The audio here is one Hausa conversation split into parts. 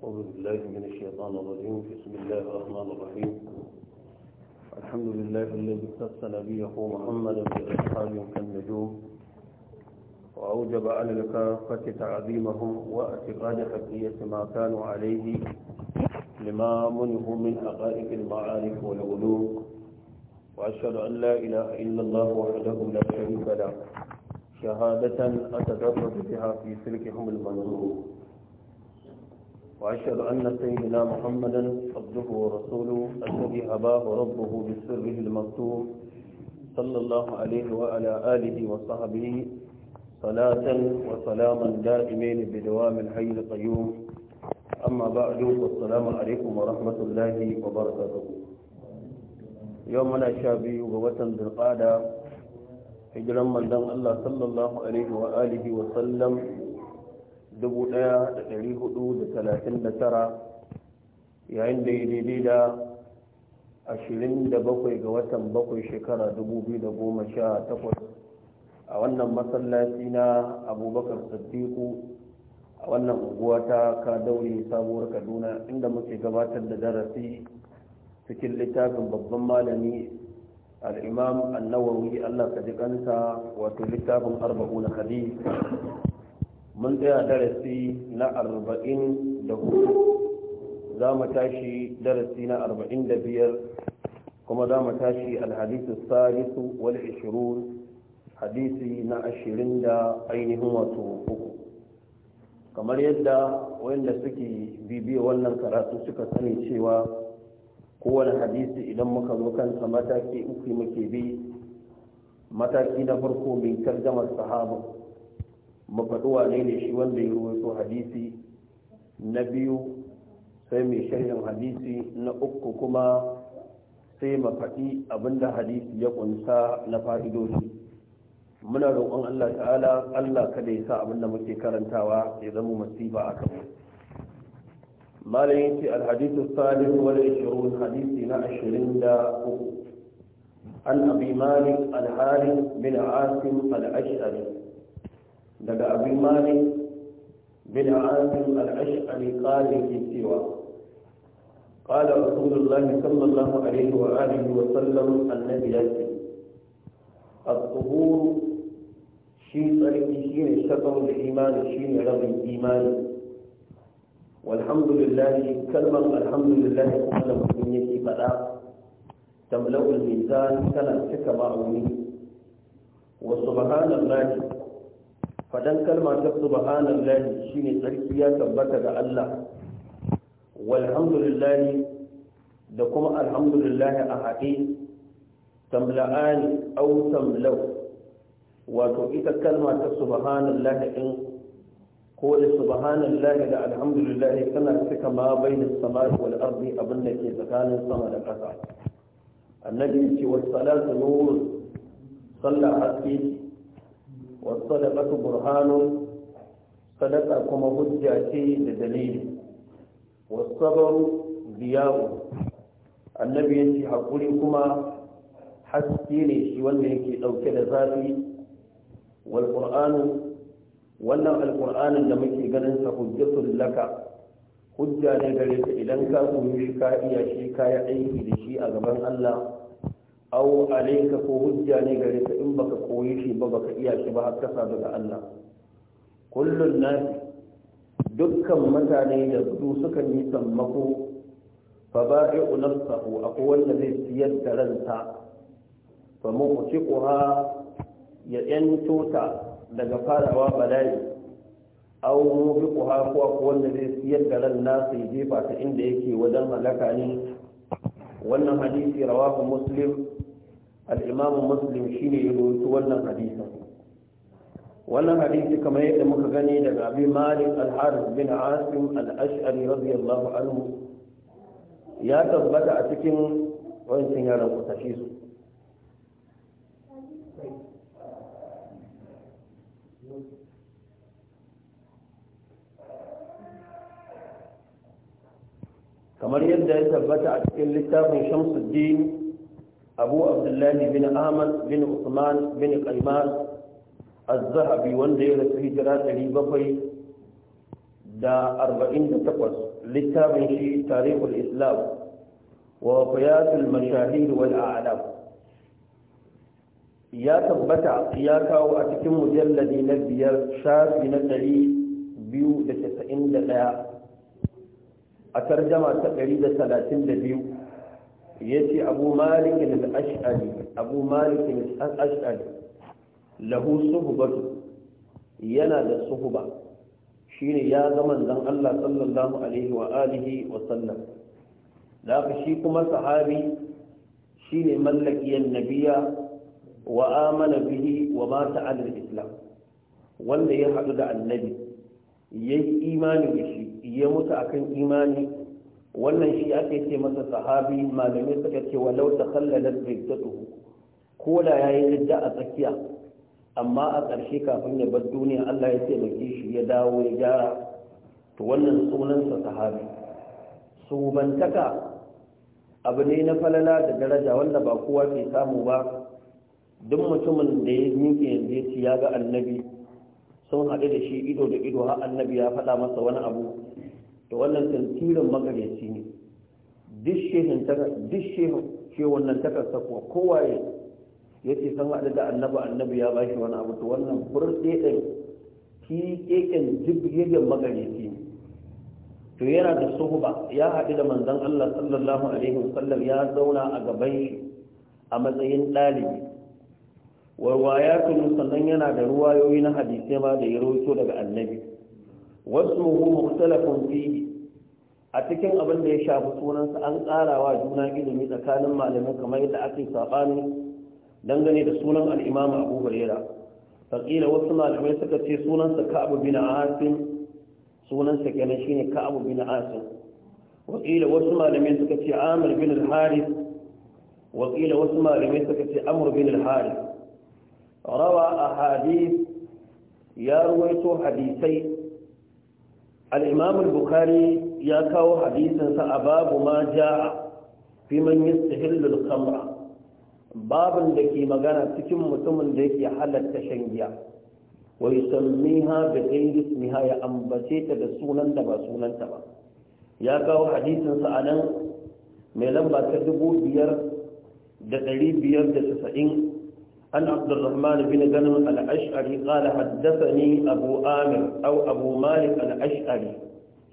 أعوذ بالله من الشيطان الرجيم بسم الله الرحمن الرحيم الحمد لله الذي اختص نبيه في بإرحام كالنجوم وأوجب على الكافة تعظيمهم واعتقاد حقية ما كانوا عليه لما منه من حقائق المعارف والعلوم وأشهد أن لا إله إلا الله وحده لا شريك له شهادة أتدرج بها في سلكهم المنظور وأشهد أن سيدنا محمدا عبده ورسوله الذي أباه ربه بسره المكتوب صلى الله عليه وعلى آله وصحبه صلاة وسلاما دائمين بدوام الحي القيوم أما بعد والسلام عليكم ورحمة الله وبركاته يومنا شابي ووطن بالقادة القعدة hijiran الله صلى الله عليه وآله وسلم 1439 yayin da ya daidai da 27 ga watan 7 shekara 2018 a wannan masallaci na abubakar siddiqu a wannan unguwa ta ka daure sabuwar kaduna inda muke gabatar da darasi cikin littafin babban malami al'imam annawawi allah ka ji kansa wato littafin arba'u na hadith mun tsaya darasi na arba'in da hudu za mu tashi darasi na arba'in da biyar kuma za mu tashi alhadisu salisu wal ishirun hadisi na ashirin da ainihin wato uku kamar yadda wanda suke bibiya wannan karatu suka sani cewa kowane hadisi idan muka zo kansa mataki uku muke bi mataki na farko mai tarjamar sahaba mafaɗuwa ne ne shi wanda ya ruwaito hadisi na biyu sai mai shahin hadisi na uku kuma sai mafaɗi abinda hadisi ya ƙunsa na fa'idoshi muna roƙon Allah ta'ala Allah kada ya sa abinda muke karantawa ya zama masifa a kanmu malayin ce alhadisu salis wani ashirin hadisi na ashirin da uku an abi malik alhalin bin asim al-ashari لدى abin malik بن عازم al-ash'ari في fi قال رسول الله صلى الله عليه وآله وسلم النبي يسي الطهور شيء طريق شيء الشطر الإيمان شيء رضي الإيمان والحمد لله كلمة الحمد لله كلمة من يكي فلا تملأ الميزان كلا سكبا وسبحان الله fadan kalma ta shi ne tsarki ya tabbata ga Allah walhamdulillah da kuma alhamdulillah a haɗe tamla'ani au tamlau wato ita kalma ta subhanallahi din ko da subhanallahi da alhamdulillah tana cika ma baina samari wal arzi abin da ke tsakanin sama da ƙasa annabi ya ce wasu salatu nur sallah haske wasu da ɓasu burhanun sadaka kuma hujja ce da dalili wasu baru biyawo annabi ya ce haƙuri kuma haske ne shi wanda yake ɗauke da zafi walƙur'anu wannan alƙur'anin da muke ganin sa hujjatun laka hujja ne gare ka idan ka koyi shi ka iya shi ka aiki da shi a gaban allah au alaika ko hujja ne gare ka in baka koyi shi ba baka iya shi ba har ka sadu ga Allah kullun nasi dukkan mutane da su suka yi sammako fa ba'i'u nafsahu akwai wanda zai siyar da ranta. fa mu'tiquha ya yanto ta daga farawa bala'i au mubiquha ko akwai wanda zai siyar da ran nasa ya jefa ta inda yake wajen halaka ne wannan hadisi rawahu muslim al'imamun muslim shi ne ya rubuta wannan hadisin wannan hadisi kamar yadda muka gani daga abin malik al-haris bin asim al-ash'ari radiyallahu anhu ya tabbata a cikin wancan yaran ku tashi su kamar yadda ya tabbata a cikin littafin shamsuddin أبو عبد الله بن أحمد بن عثمان بن قيمان الذهبي وانده في جرات لي بفي دا أربعين دا تقوص لتابن شيء تاريخ الإسلام ووفيات المشاهير والأعلام يا تبتع يا كاو أتكم cikin نبي شاف biyar shafi na ɗari biyu da casa'in da ɗaya a tarjama ce abu malik al abu malik al lahu suhbatu yana da shi ne ya ga manzon Allah sallallahu alaihi wa alihi wa sallam da shi kuma sahabi shine mallakiyan nabiya wa amana bihi wa mata ala islam wanda ya hadu da annabi yayi imani da shi ya mutu akan imani wannan shi ake ce masa sahabi malamai suka ce walau ta kallalar biddatuhu ko da ya yi a tsakiya amma a ƙarshe kafin ya bar duniya Allah ya taimake shi ya dawo ya gyara to wannan sunansa sahabi subantaka abu ne na falala da daraja wanda ba kowa ke samu ba duk mutumin da ya miƙe yanzu ci ya ga annabi sun haɗu da shi ido da ido har annabi ya faɗa masa wani abu to wannan tantirin magaryaci ne duk ce wannan takarsa kuwa kowaye ya ce san haɗu da annabi annabi ya ba shi wani abu to wannan burɗe ɗin kiƙeƙen keken jibgegen magaryaci ne to yana da suhuba ya haɗu da manzan Allah sallallahu alaihi wasallam ya zauna a gaban a matsayin ɗalibi warwaya tuni sannan yana da ruwayoyi na hadisai ma da ya rawaito daga annabi wasmuhu mukhtalafun fihi a cikin abin da ya shafi sunansa an karawa juna ilimi tsakanin malamin kamar yadda ake sabani dangane da sunan al-Imam Abu Hurairah Fakila wasu malamai suka ce sunansa kaabu bin Asin sunansa kenan shine Ka'ab bin Asim waqila wasu malamai suka ce Amr bin al-Harith waqila wasu malamai suka ce amur bin al-Harith rawa hadis ya ruwaito hadisai al-imam bukhari ya kawo hadisin sa a babu ma jaa fi man yastahillu babin da ke magana cikin mutumin da yake halatta shan giya wa yusammiha bi ghayri ismiha ya ambace ta da sunan ba sunanta ba ya kawo hadisin sa nan mai lamba ta dubu biyar da ɗari biyar da tasa'in عن عبد الرحمن بن غنم الأشعري قال حدثني أبو آمر أو أبو مالك الأشعري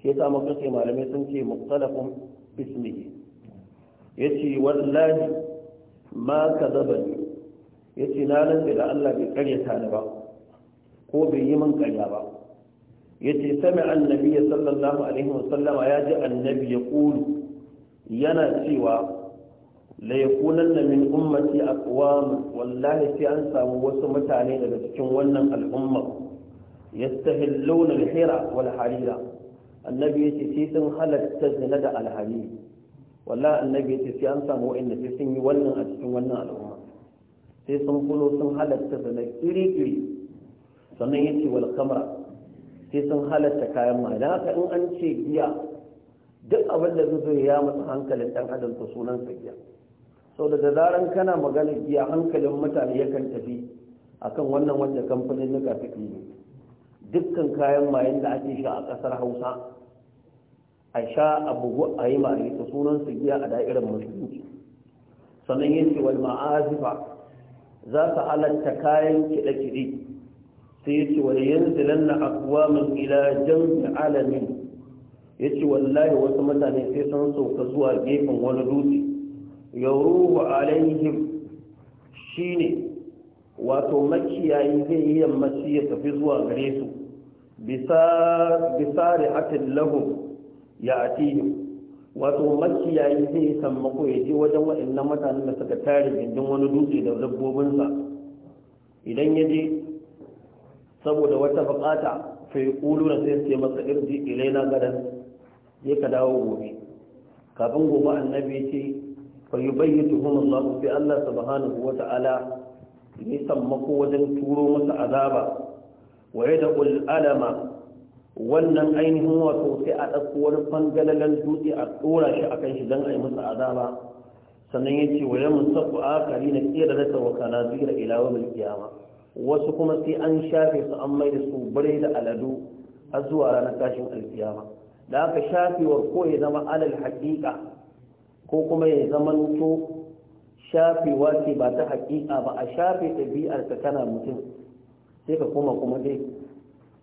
شيء سامع قصي ما لم يسمى مختلف باسمه يتي والله ما كذبني يتي نالا إلى الله بقرية هانبا هو بيمن قريبا يتي سمع النبي صلى الله عليه وسلم يجأ النبي يقول ينا سوى la yakunanna min ummati aqwam wallahi sai an samu wasu mutane daga cikin wannan al'ummar ya yastahilluna launin hira wal harira annabi yace sai sun halatta zina da alhari wallahi annabi yace sai an samu wa'inda sai sun yi wannan a cikin wannan al'umma sai sun kulo sun halatta zina iri iri sannan yace wal kamra sai sun halatta kayan ma idan haka in an ce giya duk abin da zai ya matsa hankalin dan adam to sunan sa giya sau da zaran kana magana giya hankalin mutane yakan tafi akan wannan wanda kamfanin nuka suke yi dukkan kayan mayan da ake sha a ƙasar hausa a sha a bugu a yi mare ta sunan su giya a da'irar musulunci sannan yin ce wani ma'azifa za su alanta kayan kiɗe-kiɗe sai ya ce wani zilan na akuwa min ila jan alamin ya ce wallahi wasu mutane sai sun sauka zuwa gefen wani dutse yawruhu alaihim shine wato makiyayi zai yi yammaci ya tafi zuwa gare su bisari atin lahu ya atihim wato makiyayi zai yi sammako ya je wajen waɗannan mutanen da suka tare gindin wani dutse da dabbobinsa idan ya je saboda wata bukata fai ƙulu na sai sai masa irji ilaina gadan je ka dawo gobe kafin gobe annabi ce fa yubayyituhum Allah fi Allah subhanahu wa ta'ala nisan mako wajen turo masa azaba wa yad'ul alama wannan ainihin wato sai a ɗauko wani dutse a ɗora shi akan shi don a yi masa azaba sannan ya ce wa ya musafu akari na kira da ta wakana zira ilawa mai kiyama wasu kuma sai an shafe su an mai da su bare da aladu har zuwa ranar tashin alkiyama da aka shafewar ko ya zama alal haƙiƙa ko kuma ya zamanto shafewa ce ba ta haƙiƙa ba a shafe ɗabi'ar ka kana mutum sai ka koma kuma dai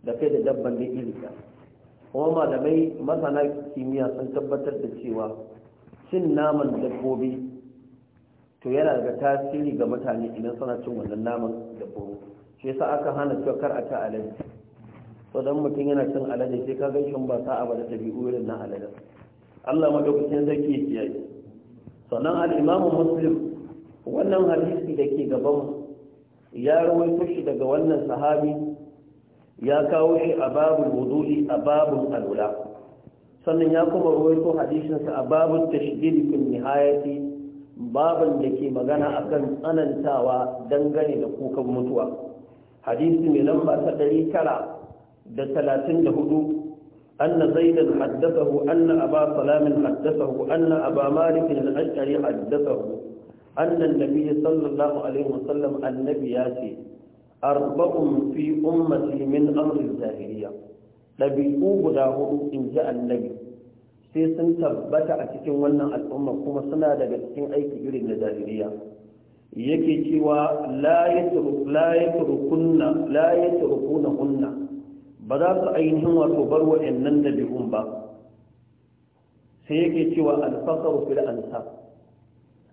da kai da dabban da ilika kuma malamai masana kimiyya sun tabbatar da cewa cin naman dabbobi to yana daga tasiri ga mutane idan suna cin wannan naman dabbobi shi yasa aka hana cewa kar a ci alade to dan mutum yana cin alade sai ka ganshin ba sa'a ba da ɗabi'u irin na alade Allah madaukakin zaki ya kiyaye sannan Alimamin muslim wannan hadisi da ke gaban ya rawaito shi daga wannan sahabi ya kawo shi a babul wudu'i a babul alula sannan ya kuma rawaito hadisinsa a babul tashdid fil nihayati baban da ke magana akan tsanantawa dangane da kukan mutuwa hadisi mai lamba ta hudu. أن زيدا حدثه أن أبا سلام حدثه أن أبا مالك الأشعري حدثه أن النبي صلى الله عليه وسلم النبي ياتي أربع في أمتي من أمر الجاهلية ɗabi'u guda huɗu in ji annabi sai sun tabbata a cikin wannan al'umma kuma suna daga cikin aiki irin na jahiliya yake cewa la yatrukunna ba za su ainihin wato bar wa'annan dabi'un ba sai yake cewa alfaharu fil ansa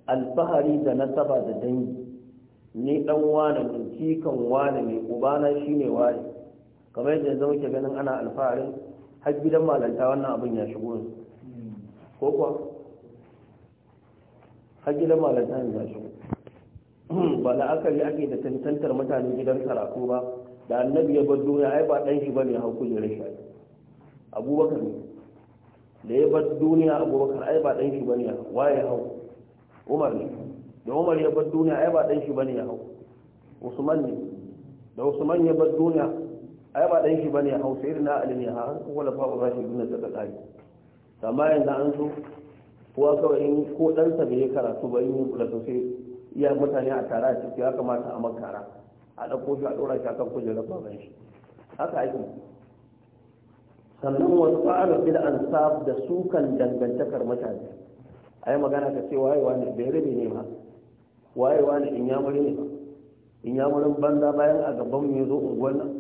alfahari da nasaba da dangi ni dan wane ne kikan wane ne ubana shine wane kamar yadda yanzu muke ganin ana alfaharin har gidan malanta wannan abin ya shigo ne ko kuwa har gidan malanta ne ya shigo ba la'akari ake da tantantar mutane gidan karatu ba da annabi ya bar duniya ai ba dan shi bane hau kujerar shi abubakar ne da ya bar duniya abubakar ai ba dan shi bane waye hau umar ne da umar ya bar duniya ai ba dan shi bane hau usman ne da usman ya bar duniya ai ba dan shi bane hau sayyidina ali ne ko wala fa'u ba shi duniya ta kai amma yanzu an so kowa kawai in ko ɗansa bai karatu ba in yi kula sosai iya mutane a tara a ciki ya kamata a makara a ɗauko shi a ɗora shi akan kujerar baban shi haka ake sannan wasu fa'ala bil ansab da sukan dangantakar mutane yi magana ka ce wayewa ne bai rabi ne ba wayewa ne in yamuri ne ba in yamurin banza bayan a gaban mu zo unguwar nan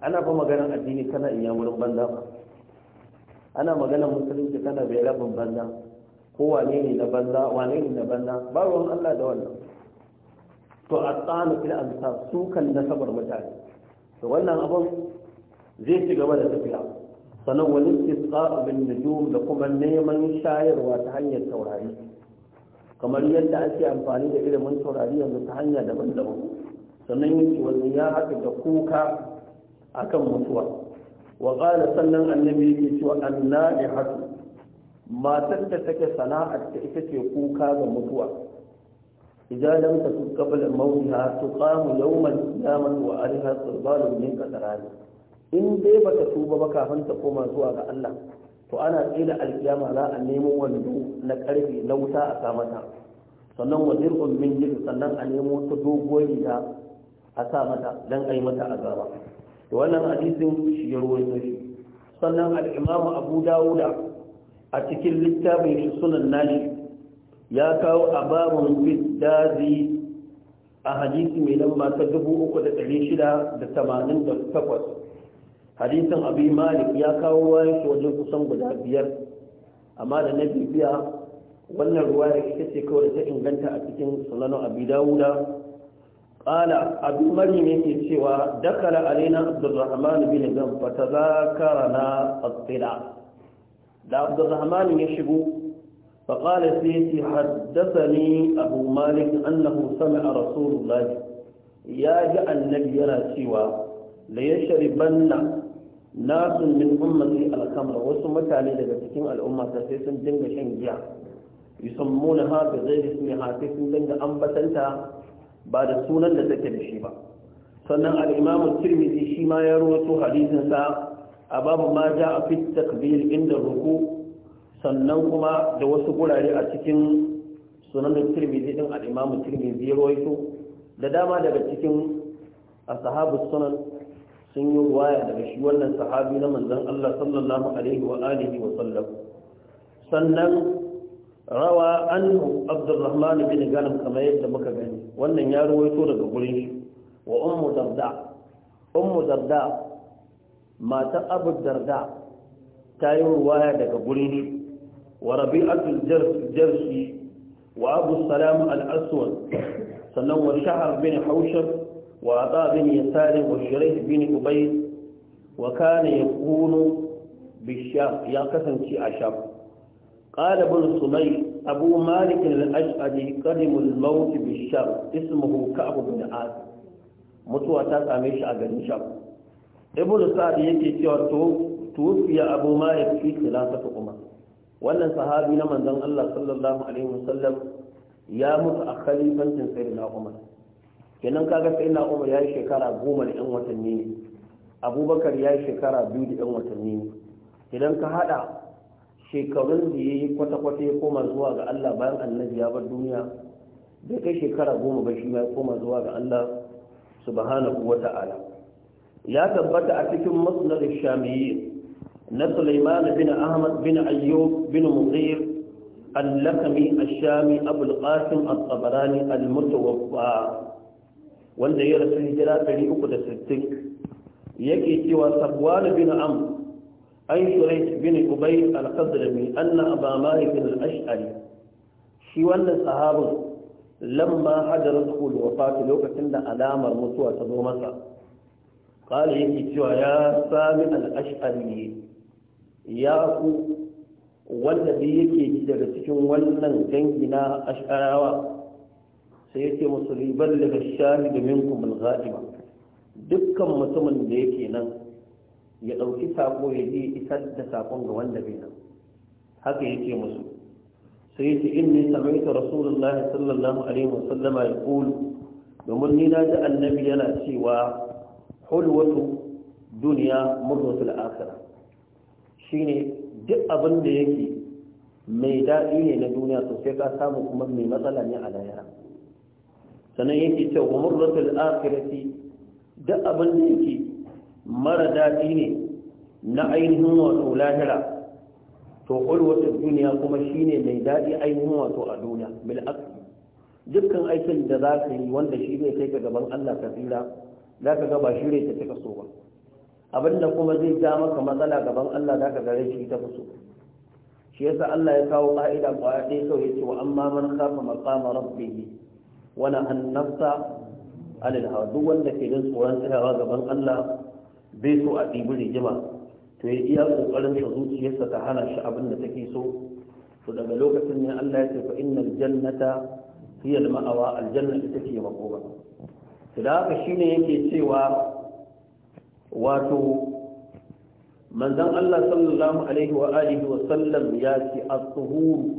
ana ba maganar addini kana in yamurin banza ba ana maganar musulunci kana bai rabin banza ko wane ne na banza wane ne na banza ba ruwan Allah da wannan to a tsanu fil amsa sukan nasabar mutane da wannan abin zai ci gaba da tafiya sannan wani istisqa bin nujum da kuma neman shayarwa ta hanyar taurari kamar yadda ake amfani da ilimin taurari yanzu ta hanya daban-daban sannan yake wani ya haka da kuka a kan mutuwa wa qala sannan annabi yake cewa anna'ihatu matar da take sana'ar ta ita ce kuka ga mutuwa إذا لم تكن قبل موتها تقام يوم القيامة وعليها قربان من قدران إن دي توب بك فانت تقوم زوا الله فأنا إلى القيامة لا أنيم a nemo wando na karfe na sannan wajen min jir sannan a nemo ta dogon riga a sa mata don a yi mata azaba da wannan hadisin shi ya ruwa shi sannan al-imam abu dawuda a cikin littafin shi sunan nashi ya kawo a babun fiddazi a hadisi mai lamba ta 3688 hadisin abu malik ya kawo wayan shi wajen kusan guda biyar amma da na bibiya wannan ruwa da ita ce kawai ta inganta a cikin sunanin abu dawuda ƙala abu mari ne ke cewa dakala alaina abdulrahman bin zan fata zakara na tsira da abdulrahman ya shigo فقال سيتي حدثني أبو مالك أنه سمع رسول الله يا جاء النبي يرى سوى ليشربن ناس من أمتي الخمر وسمت علي لبتكين الأمة سيسن دنگ شنجع يسمونها بغير اسمها سيسن دنگ أنبتنتا بعد سونا لتكب شبا sannan al'imamun tirmidhi shi ma ya rawato hadisinsa a babu ma ja a fit takbir inda ruku sannan kuma da wasu gurare a cikin sunanin tirmidhi din al-imam tirmidhi rawaito da dama daga cikin ashabu sunan sun yi waya daga shi wannan sahabi na manzon Allah sallallahu alaihi wa alihi wa sallam sannan rawa anhu Abdurrahman bin Ghanam kamar yadda muka gani wannan ya rawaito daga gurin shi wa ummu darda ummu darda mata abu darda ta yi ruwaya daga gurin shi وربيعة الجرسي وأبو السلام الأسود سنن وشعر بن حوشب وعطاء بن يسار وشريح بن أبيد وكان يكون بالشام يا قسم شيء أشام قال ابن سمي أبو مالك الأشعري قدم الموت بالشام اسمه كعب بن عاد متوى تساميش أبن شام ابن سعد يكي توفي أبو مالك في ثلاثة أمم wannan sahabi na manzon Allah sallallahu alaihi wasallam ya mutu a khalifancin sayyidina Umar kenan kaga sayyidina Umar ya yi shekara goma da yan watanni ne Abubakar ya yi shekara biyu da yan watanni ne idan ka hada shekarun da ya yi kwata-kwata ya koma zuwa ga Allah bayan annabi ya bar duniya bai kai shekara goma ba shi ya koma zuwa ga Allah subhanahu wa ta'ala ya tabbata a cikin musnad shamiyi na Sulaiman bin Ahmad bin Ayyub بن مغير اللقمي الشامي أبو القاسم الطبراني المتوفى wanda ya rasu hijira 360 yake cewa sabwan bin am an shurayt bin ubay al-qadrami anna aba malik al-ash'ari shi wannan sahabin lamma hadarat kul wafat lokacin da alamar mutuwa ta zo masa qala yake cewa ya sami al-ash'ari ya fi. wanda dai yake ji daga cikin wannan dangi na asharawa sai yake musu ribar daga shari da minkum al-ghaiba dukkan mutumin da yake nan ya ɗauki sako ya je isar da sakon ga wanda bai nan haka yake musu sai yace inni sami'tu rasulullahi sallallahu alaihi wasallama yaqulu domin ni na ji annabi yana cewa hulwatu duniya murdatul akhirah shine duk abin da yake mai daɗi ne na duniya sosai ka samu kuma mai matsala ne a lahira sannan yake ce wa murratul akhirati duk abin da yake mara daɗi ne na ainihin wato lahira to ulwatul duniya kuma shine mai daɗi ainihin wato a duniya bil dukkan aikin da za ka yi wanda shi zai kai ka gaban Allah ka tsira za ka ga ba shi ne ta cika so ba abinda kuma zai ja maka matsala gaban Allah za ka gare shi ta fuso shi yasa Allah ya kawo ka'ida kwaya ɗaya kawai ya ce wa amma man kafa maqama rabbihi wa na annafsa alil hawa duk wanda ke jin tsoron tsayawa gaban Allah bai so a ɗibi rigima to ya iya kokarin sa zuciyarsa ta hana shi abin da take so to daga lokacin ne Allah ya ce fa innal jannata hiya al ma'awa al janna ita ce to da haka shine yake cewa wato manzan Allah sallallahu alaihi wa alihi wa sallam ya ce at-tuhur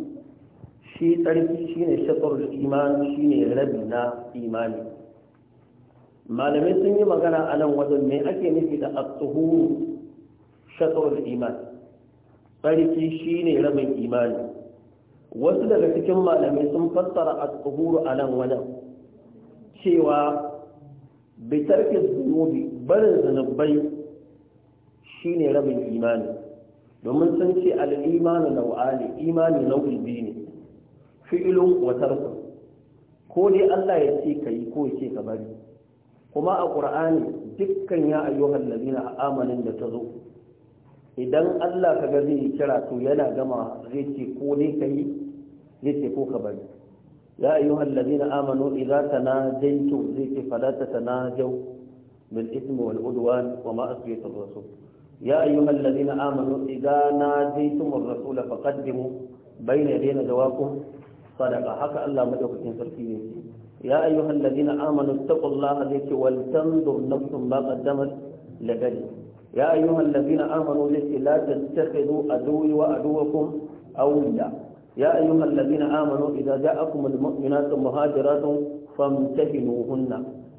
shi tsarki shine shatrul shi ne rabi na imani malamai sun yi magana a nan wajen me ake nufi da at-tuhur shatrul iman tsarki ne rabin imani wasu daga cikin malamai sun fassara at-tuhur a nan wajen cewa bitarki zunubi barin zunubai shine rabin imani domin sun ce al'imanu nau'ani imani nau'i biyu ne fi'ilun wa tarkun ko dai Allah ya ce ka yi ko ya ce ka bari kuma a ƙur'ani dukkan ya ayyuhan a amanin da ta zo idan Allah ka ga zai kira to yana gama zai ce ko dai ka yi zai ce ko ka bari ya ayyuhan ladina ta na tanajaytum zai ce ta na jau. بالإثم والعدوان ومعصية الرسول يا أيها الذين آمنوا إذا ناديتم الرسول فقدموا بين يدينا دواكم صدقة حكى الله مدوكتين سركيني يا أيها الذين آمنوا اتقوا الله ذيك ولتنظر نفس ما قدمت لغد يا أيها الذين آمنوا ذيك لا تتخذوا أدوي وأدوكم أولياء يا أيها الذين آمنوا إذا جاءكم المؤمنات مهاجرات فامتهنوهن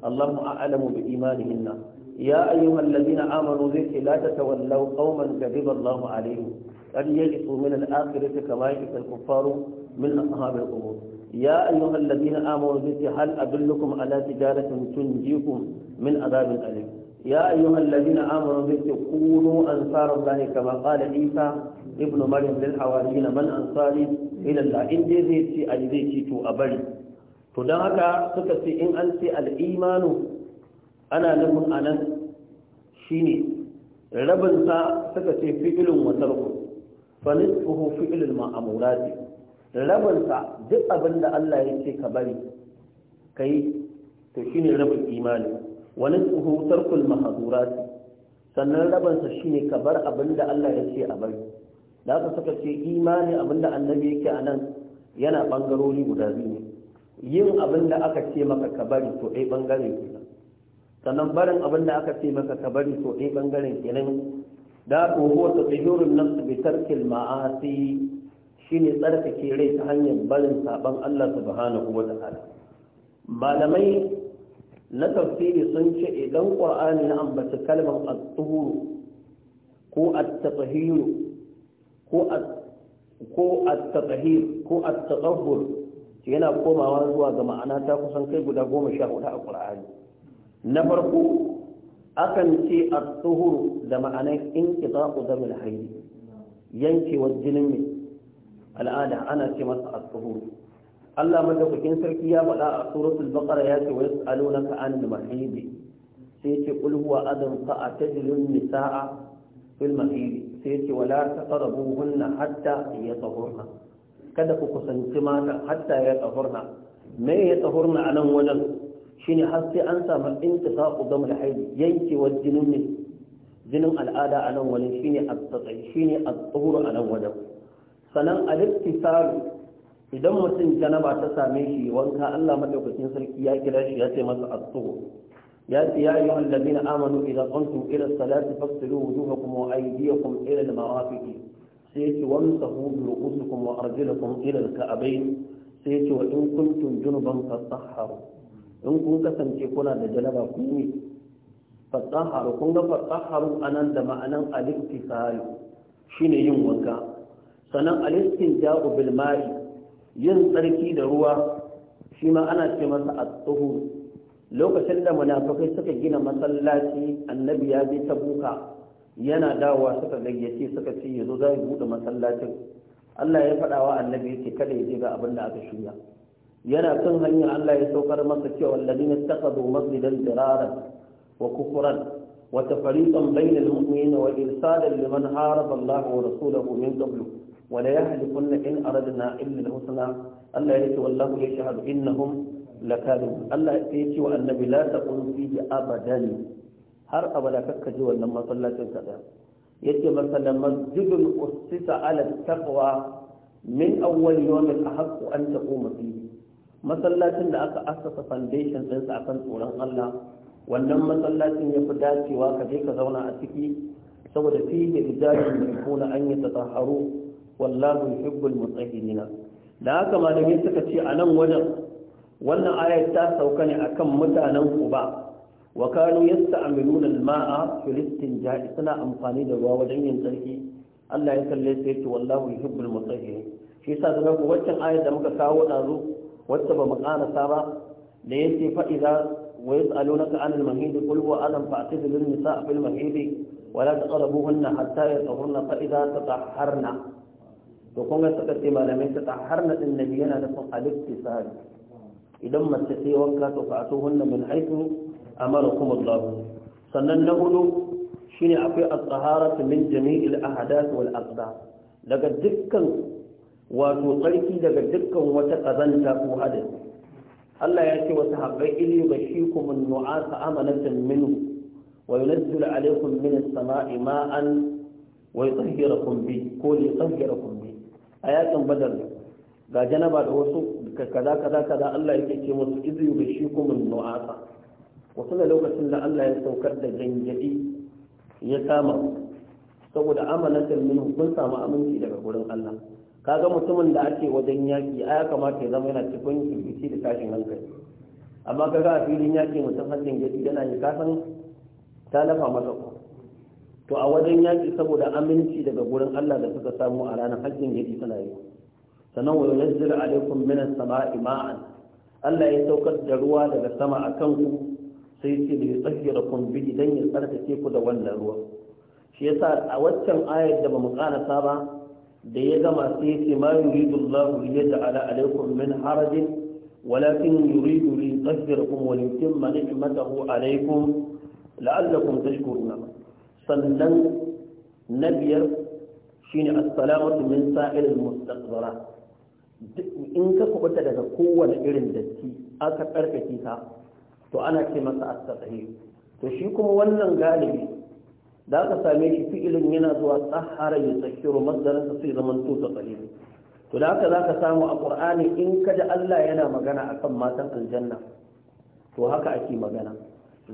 Allahu a'lamu bi imanihinna ya ayyuhal ladina amanu zai la tatawallaw qauman kadiba Allahu alaihim qad yajisu min al-akhirati kama yajisu al-kuffaru min ashabil qubur ya ayyuhal ladina amanu zai hal adullukum ala tijaratin tunjikum يا أيها الذين آمنوا كونوا أنصار الله كما قال عيسى ابن مريم للحواريين من أنصاري إلى الله إن جزيتي أجزيتي أبري to don haka suka ce in an ce al'imanu ana nufin anan shine rabinsa suka ce fi'ilin wasarku fanisfuhu fi'ilin ma'amurati rabinsa duk abin da Allah ya ce ka bari ka yi to shine rabin imani wani tsoho tarkul mahazurati sannan rabinsa shine ka bar abin da Allah ya ce a bari da haka suka ce imani abin da annabi yake a nan yana ɓangarori guda biyu ne yin abin da aka ce maka ka bari to ɗai ɓangaren kenan sannan barin abin da aka ce maka ka bari to ɗai ɓangaren kenan da ko huwa nan su bi tarkil ma'asi shine tsarkake rai ta hanyar barin sabon Allah subhanahu ta hada malamai na tafsiri sun ce idan ƙwa'ani ya ambaci kalmar at-tuhur ko at-tatahir ko at ko ko at yana komawa zuwa ga ma'ana ta kusan kai guda goma sha hudu a ƙur'ani na farko akan ce a tsuhur da ma'anar in zama da haini yankewar jinin mai al'ada ana ce masa a tsuhur Allah madaukakin sarki ya faɗa a suratul baqara ya ce wa yas'alunaka da mahidi sai ce qul a ta jinin atajilun sa'a fil mahidi sai ce wala taqrabuhunna hatta yatahurna kada ku kusanci mata hatta ya tsahurna me ya tsahurna a nan wajen shine har sai an samu intifaqu gam da haidi yankewar jinin ne jinin al'ada a nan wajen shine at-tsatsi shine a tuhur a nan wajen sanan al-ittisal idan mutum janaba ta same shi wanka Allah madaukakin sarki ya kira shi ya ce masa at-tuhur يا يا أيها الذين آمنوا إذا قمتم إلى الصلاة فاغسلوا وجوهكم وأيديكم إلى المرافق sai yace wamsahu bi ru'usikum wa arjulakum ila al-ka'bayn sai yace wa in kuntum junuban fasaharu in kun kasance kuna da janaba ku ne fasaharu kun ga fatahharu anan da ma'anan al shi ne yin wanka sannan al-istinja'u bil yin tsarki da ruwa shi ma ana ce masa a tuhur lokacin da munafikai suka gina masallaci annabi ya bi ta buka yana dawowa suka gayyace suka ce zo za ya bude masallacin Allah ya faɗa wa annabi yace kada ya je ga abin da aka shirya yana kan hanya Allah ya saukar masa cewa alladina taqadu masjidan dirara wa kufran wa tafariqan bainal mu'minina wa irsalan liman haraba Allah wa rasulahu min qablu ولا يحلفن إن أردنا إلا الحسنى الله يأتي والله يشهد إنهم لكاذب الله يأتي والنبي لا تقول فيه أبدا har abada kakka ji wannan masallacin ka ɗaya yace masalan masjidun ussisa ala taqwa min awwal yawmin ahqqu an taquma fihi masallacin da aka assasa foundation din sa akan tsoron Allah wannan masallacin ya fi dacewa ka je ka zauna a ciki saboda fihi rijalun yakuna an yatatahharu wallahu yuhibbul mutahhirina da haka malamai suka ce a nan wajen wannan ayat ta sauka ne akan mutanen ba. wa kanu a al-ma'a filistin istinja'i suna amfani da ruwa wajen yin tsarki Allah ya kalle sai ya wallahu yuhibbul mutahhirin shi yasa da ku waccan ayar da muka kawo dazu wacce ba mu karasa ba da yace fa idza wa yas'alunaka 'anil mahid qul huwa adam fa'tazil an-nisaa fil mahid wa la taqrabuhunna hatta yatahurna fa idza tatahharna to kun ga suka ce malamai tatahharna din nabi yana nufin al-iktisal idan mace sai wanka to fa'tuhunna min haythu amanakum Allah sannan na hudu shine akwai at-taharatu min jami'il ahadath wal aqda daga wato tsarki daga dukkan wata kazanta ko hadin Allah ya ce wa sahabbai ilmi bashikum an-nu'asa وينزل عليكم من السماء ماء ويطهركم به كل يطهركم به آيات بدر ga janaba da wasu kaza kaza kaza Allah yake ce musu izu yubshikum an-nu'asa wasu da lokacin da Allah ya saukar da gangadi ya kama saboda amanatan minhu kun samu aminci daga gurin Allah kaga mutumin da ake wajen yaki a ya kamata ya zama yana cikin kirkici da tashin hankali amma kaga a filin yaki mutum har gangadi yana yi kasan ta lafa masa to a wajen yaki saboda aminci daga gurin Allah da suka samu a ranar har gangadi suna yi sannan wa yunzilu alaikum minas sama'i ma'an Allah ya saukar da ruwa daga sama akan ku sai ce da ya tsakira kun bihi dan ya tsarkake ku da wannan ruwa shi yasa a waccan ayar da bamu karasa ba da ya gama sai yace ma yuridu Allahu liyaj'ala alaykum min harajin walakin yuridu li yutahhirakum wa yutimma ni'matahu alaykum la'allakum tashkuruna sannan na biyar shine as-salamatu min sa'iril mustaqbara in ka kubuta daga kowane irin datti aka karkace ka to ana ce masa as to shi kuma wannan galibi da aka same shi fi'ilin yana zuwa tsahara ya tsakiru masdarin sa sai zaman to sahih to da haka zaka samu a ƙur'ani in kada Allah yana magana akan matan aljanna to haka ake magana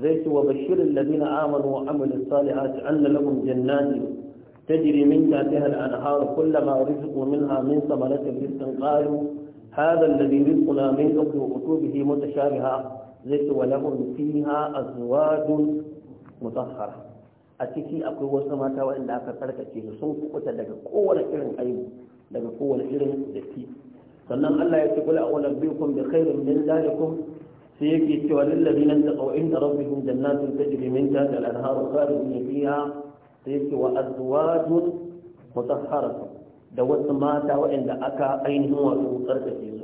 zai ce wa bashirin ladina amanu wa amilus salihati anna lahum jannatin تجري من تحتها الأنهار كلما رزقوا منها من ثمرة رزق قالوا هذا الذي رزقنا من قبل وأتوا به متشابها zai ce walahun fiha azwadun mutahhara a ciki akwai wasu mata waɗanda aka tsarkake su sun kubuta daga kowane irin aibu daga kowane irin datti sannan Allah ya ce kula a wala bikum bi khairin min zalikum sai yake cewa lil ladina taqaw da rabbihim jannatun tajri min da al-anharu khalidin fiha sai yake wa azwajun mutahharatun da wasu mata waɗanda aka ainihin wato tsarkake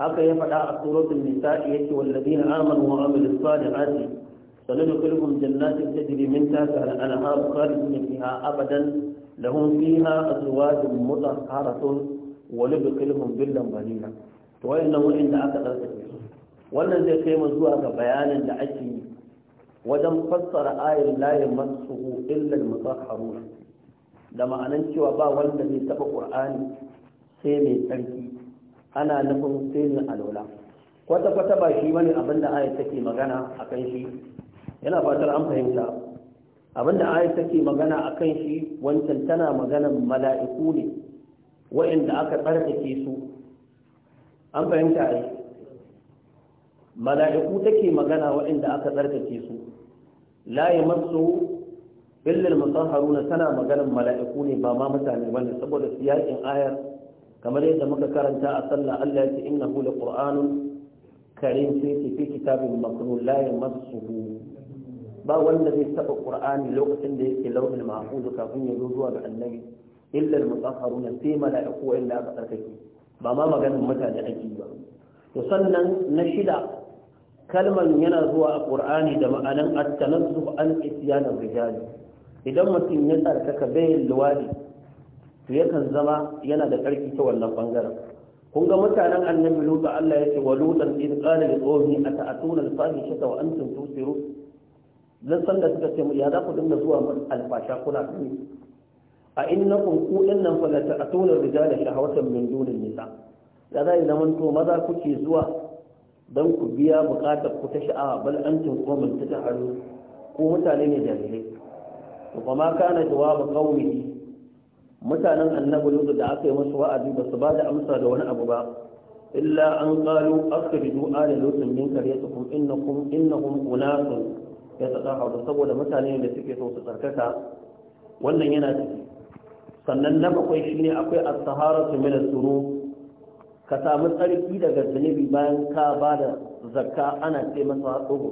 haka ya faɗa a suratul nisa'i yake wallazina amanu wa amilus salihati sanadkhuluhum jannatin tajri min tahtiha al-anhar khalidina fiha abadan lahum fiha azwajun mutahharatun wa nudkhuluhum dhillan balila to wayannan wanda aka tsarkake su wannan zai kai mu zuwa ga bayanin da ake yi wajen fassara ayar la yamassuhu illa mutahharun da ma'anan cewa ba wanda zai taba qur'ani sai mai tsarki ana nufin sirrin alwala kwata-kwata ba shi bane abinda da ayat take magana a kan shi yana fatar an fahimta abinda da ayat take magana a kan shi wancan tana maganan mala'iku ne wa'inda aka tsarkake su an fahimta ai mala'iku take magana wa'inda aka tsarkake su la yamassu illal haruna tana maganan mala'iku ne ba ma mutane wani saboda siyakin ayar kamar yadda muka karanta a sallah Allah ya ce innahu laqur'anun karim sai fi kitabin makrun la yamassuhu ba wanda zai taba qur'ani lokacin da yake launin mahfuz kafin ya zo zuwa ga annabi illa al-mutahharuna sai mala'iku wanda aka tsarkake ba ma maganin mutane ake ba to sannan na shida kalman yana zuwa a ƙur'ani da ma'anan at-tanazzuh an isyan ar idan mutum ya tsarkaka bayin luwadi to yakan zama yana da ƙarfi ta wannan bangaren kun ga mutanen annabi lutu Allah ya ce wa lutan in qala li qawmi ata'atuna al-fahishata wa antum tusiru dan san da suka ce ya za ku dinga zuwa mun alfasha kuna kani a innakum ku innan fa la ta'atuna rijala shahawatan min dunin nisa da zai zaman to maza kuke zuwa dan ku biya buƙatar ku ta sha'awa bal antum qawmun tataharu ku mutane ne jahilai to kuma kana jawabu qawmihi mutanen annabi lutu da aka yi musu wa'azi ba su ba da amsa da wani abu ba illa an qalu akhriju ala lutun min qaryatikum innakum innahum unasun yatatahharu saboda mutane da suke so su tsarkaka wannan yana ciki sannan na bakwai shine akwai as-saharatu min as-suru ka samu tsarki daga zunubi bayan ka ba da zakka ana ce masa tsubu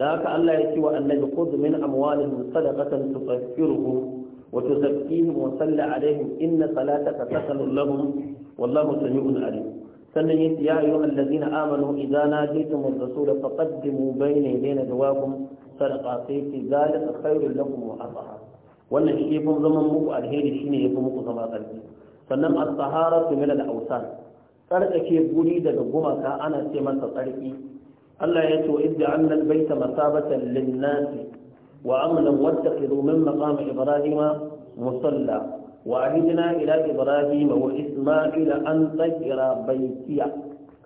da haka Allah ya ce wa annabi khudh min amwalihim sadaqatan tutahhiruhum وتزكيهم وصل عليهم إن صلاتك سكن لهم والله سميع عليم سنة يا أيها الذين آمنوا إذا ناديتم الرسول فقدموا بين يدين دواكم صدقة سيتي ذلك خير لكم وأطهر wannan shi yafi zaman muku alheri shine yafi muku zama tsarki sannan a sahara min al-awsan tsarkake guri daga gumaka ana ce masa tsarki Allah ya ce idda annal baita masabatan lin-nasi وأمنا واتخذوا من مقام إبراهيم مصلى وعيدنا إلى إبراهيم وإسماعيل أن طهر بيتي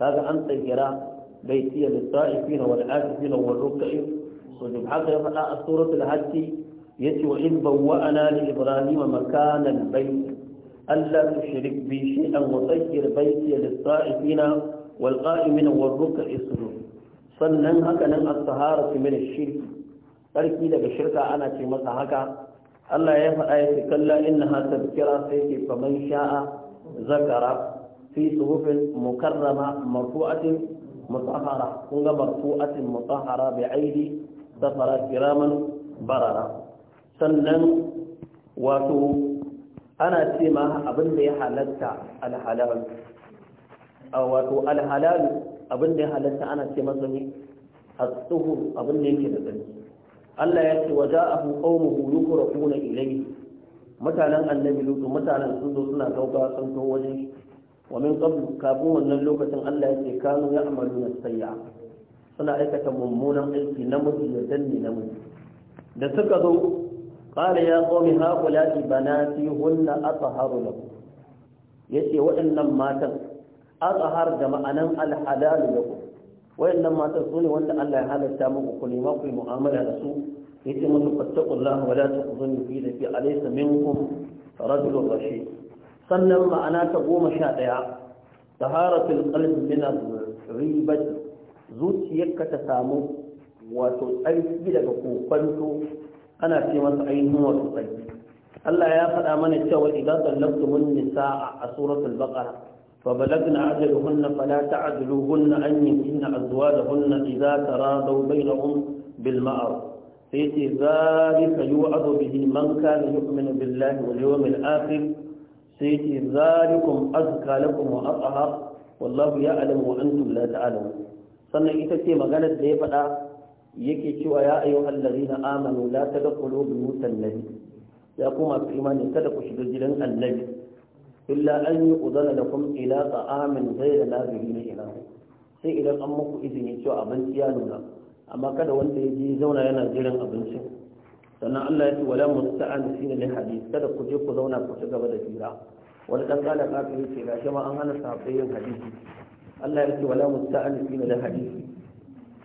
هذا أن طهر بيتي للطائفين والعاكفين والركع سجود حتى يفعل سورة الحج يتي وإذ بوأنا لإبراهيم مكان البيت ألا تشرك بي شيئا وطهر بيتي للطائفين والقائمين والركع السجود sannan هكذا الطهارة من الشرك tsarki daga shirka ana ce masa haka Allah ya faɗa ya ce kalla innaha kira sai ke faman sha'a zakara fi suhufin mukarrama marfu'atin mutahhara kun ga marfu'atin mutahhara bai aidi safara kiraman barara sannan wato ana ce ma abin da ya halatta alhalal wato alhalal abin da ya halatta ana ce masa ne a tsohon abin da yake da tsarki Allah ya ce wa a ja'ahu qaumuhu yukrafuna ilai? mutanen annabi lutu mutanen sun zo suna gauga sun kawo wa min kafin wannan lokacin Allah ya ce kanu na sayya suna aikata mummunan aiki na mutu ya danne mutu da suka zo kare ya qaumi haula banati hunna ku. Ya ce waɗannan matan tsahar da ma'anan alhalal ku. wayannan matan sune wanda Allah ya halatta muku ku nema ku mu'amala da su yace musu fattaqullah wa la tuqzunu fi dhati alaysa minkum rajulun rashid sannan ma'ana ta goma sha ɗaya taharatul qalbi min ribat zuciyarka ta samu wato tsarki daga kofanto ana ce masa ainihin wato tsarki Allah ya faɗa mana cewa idan sallabtu mun nisa'a a suratul baqara فبلغن أجلهن فلا تعدلوهن أن يمكن أزواجهن إذا تراضوا بينهم بالمعروف فيتي ذلك يوعظ به من كان يؤمن بالله واليوم الآخر سيتي ذلكم أزكى لكم وأطهر والله يعلم وأنتم لا تعلمون sannan ita ce maganar da ya faɗa yake cewa ya ayo allazi na amanu la ta da kulo buyutan nabi ya kuma su imani kada ku shiga gidan annabi illa an yi udana lakum ila da labiri na ilahu sai idan an muku izini cewa abinci ya nuna amma kada wanda ya je zauna yana jiran abincin sannan Allah ya ce wala da shi ne lil hadisi kada ku je ku zauna ku ci gaba da jira wani dan kala kafin yace gashi ma an hana sahabbai yin hadisi Allah ya ce wala da shi ne lil hadisi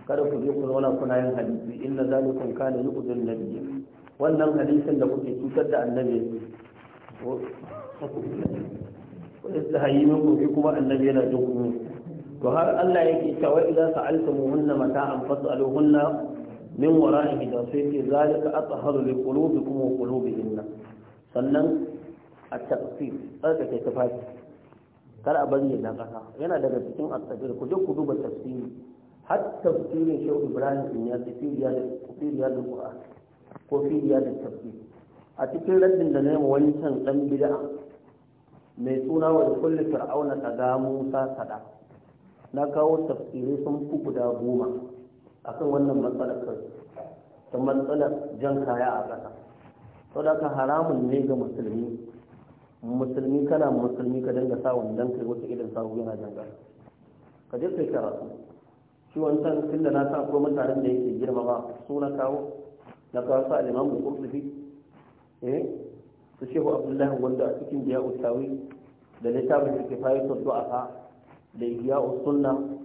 kada ku je ku zauna kuna yin hadisi inna zalikum kana yuqdil nabiy wannan hadisin da kuke cutar da annabi yastahi minkum bi kuma annabi yana jin kuma to har Allah yake cewa idan sa'altumuhunna mata'an fas'aluhunna min wara'i da sai ce zalika atharu kulubi kuma wa qulubihinna sannan a tafsir tsarkake tufafi kar a bari na ƙasa. yana daga cikin asabir ku je ku duba tafsiri har tafsirin shehu ibrahim bin ya tafsiri da qur'an ko fi ya da tafsir a cikin raddin da na yi wancan dan bid'a mai suna wa kulli fir'auna kaga musa sada na kawo tafsirai sun fi guda goma akan wannan matsalar kai ta matsalar jan kaya a ƙasa sau da ka haramun ne ga musulmi musulmi kana musulmi ka dinga sa wandan kai wata irin sahu yana jan ka je kai karatu shi wancan tun da na sa ko mutanen da yake girma ba su na kawo na kawo sa alimamu kurfi eh su shehu abdullahi wanda a cikin biya usawi da littafin da ke fayi sosai a fa da biya usunna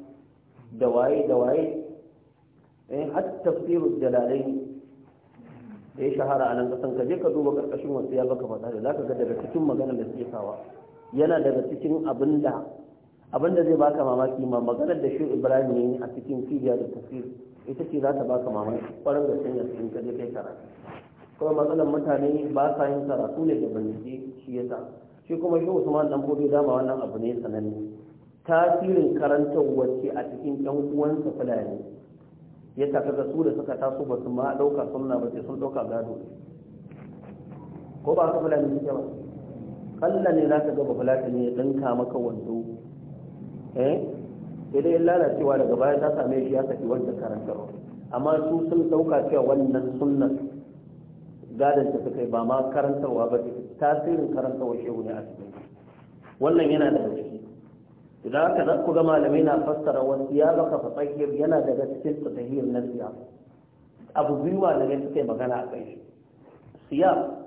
da waye da waye eh har da jalalain da ya shahara a nan kasan ka je ka duba karkashin wasu ya baka fata da zaka ga daga cikin maganar da suke kawa yana daga cikin abin da abin da zai baka mamaki ma maganar da shi ibrahim ne a cikin fidiya da tafsir ita ce za ta baka mamaki kwarar da sun yasin ka je kai karatu kuma matsalar mutane ba sa yin karatu ne da bincike shi ya sa shi kuma shi Usman dan Bodo dama wannan abu ne sananne tasirin karantarwar wacce a cikin yan uwansa fulani ya taka ga su da suka taso ba su ma dauka sunna ba sai sun dauka gado ko ba ka fulani ne ba kalla ne za ka ga ba fulani ne ya dinka maka wando eh sai dai lalacewa daga baya ta same shi ya saki wanda karantarwa amma su sun dauka cewa wannan sunan. gadon ta suka yi ba ma karantarwa ba tasirin karantarwa shehu ne a cikin wannan yana da ciki idan aka za ku ga malamai na fassara wasu ya baka tsakiyar yana daga cikin fasahiyar na siya abu biyu ba daga suka yi magana a kai siya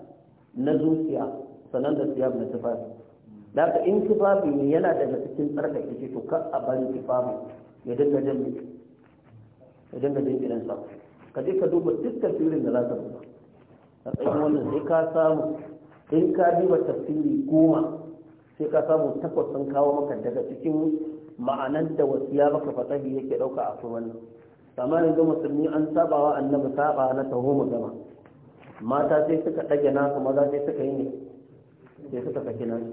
na zuciya sannan da siya na tufafi da haka in tufafi ne yana daga cikin tsarkake shi to kar a bari tufafi ya dinga jan ya dinga jan irin sa ka je ka duba dukkan filin da za ta duba matsayin wannan sai ka samu in ka duba tafsiri goma sai ka samu takwas sun kawo maka daga cikin ma'anar da wasiya maka fasahi yake ɗauka a su wannan amma yanzu musulmi an saba wa annabi saba na taho mu gama mata sai suka ɗage nasu maza sai suka yi ne sai suka saki nasu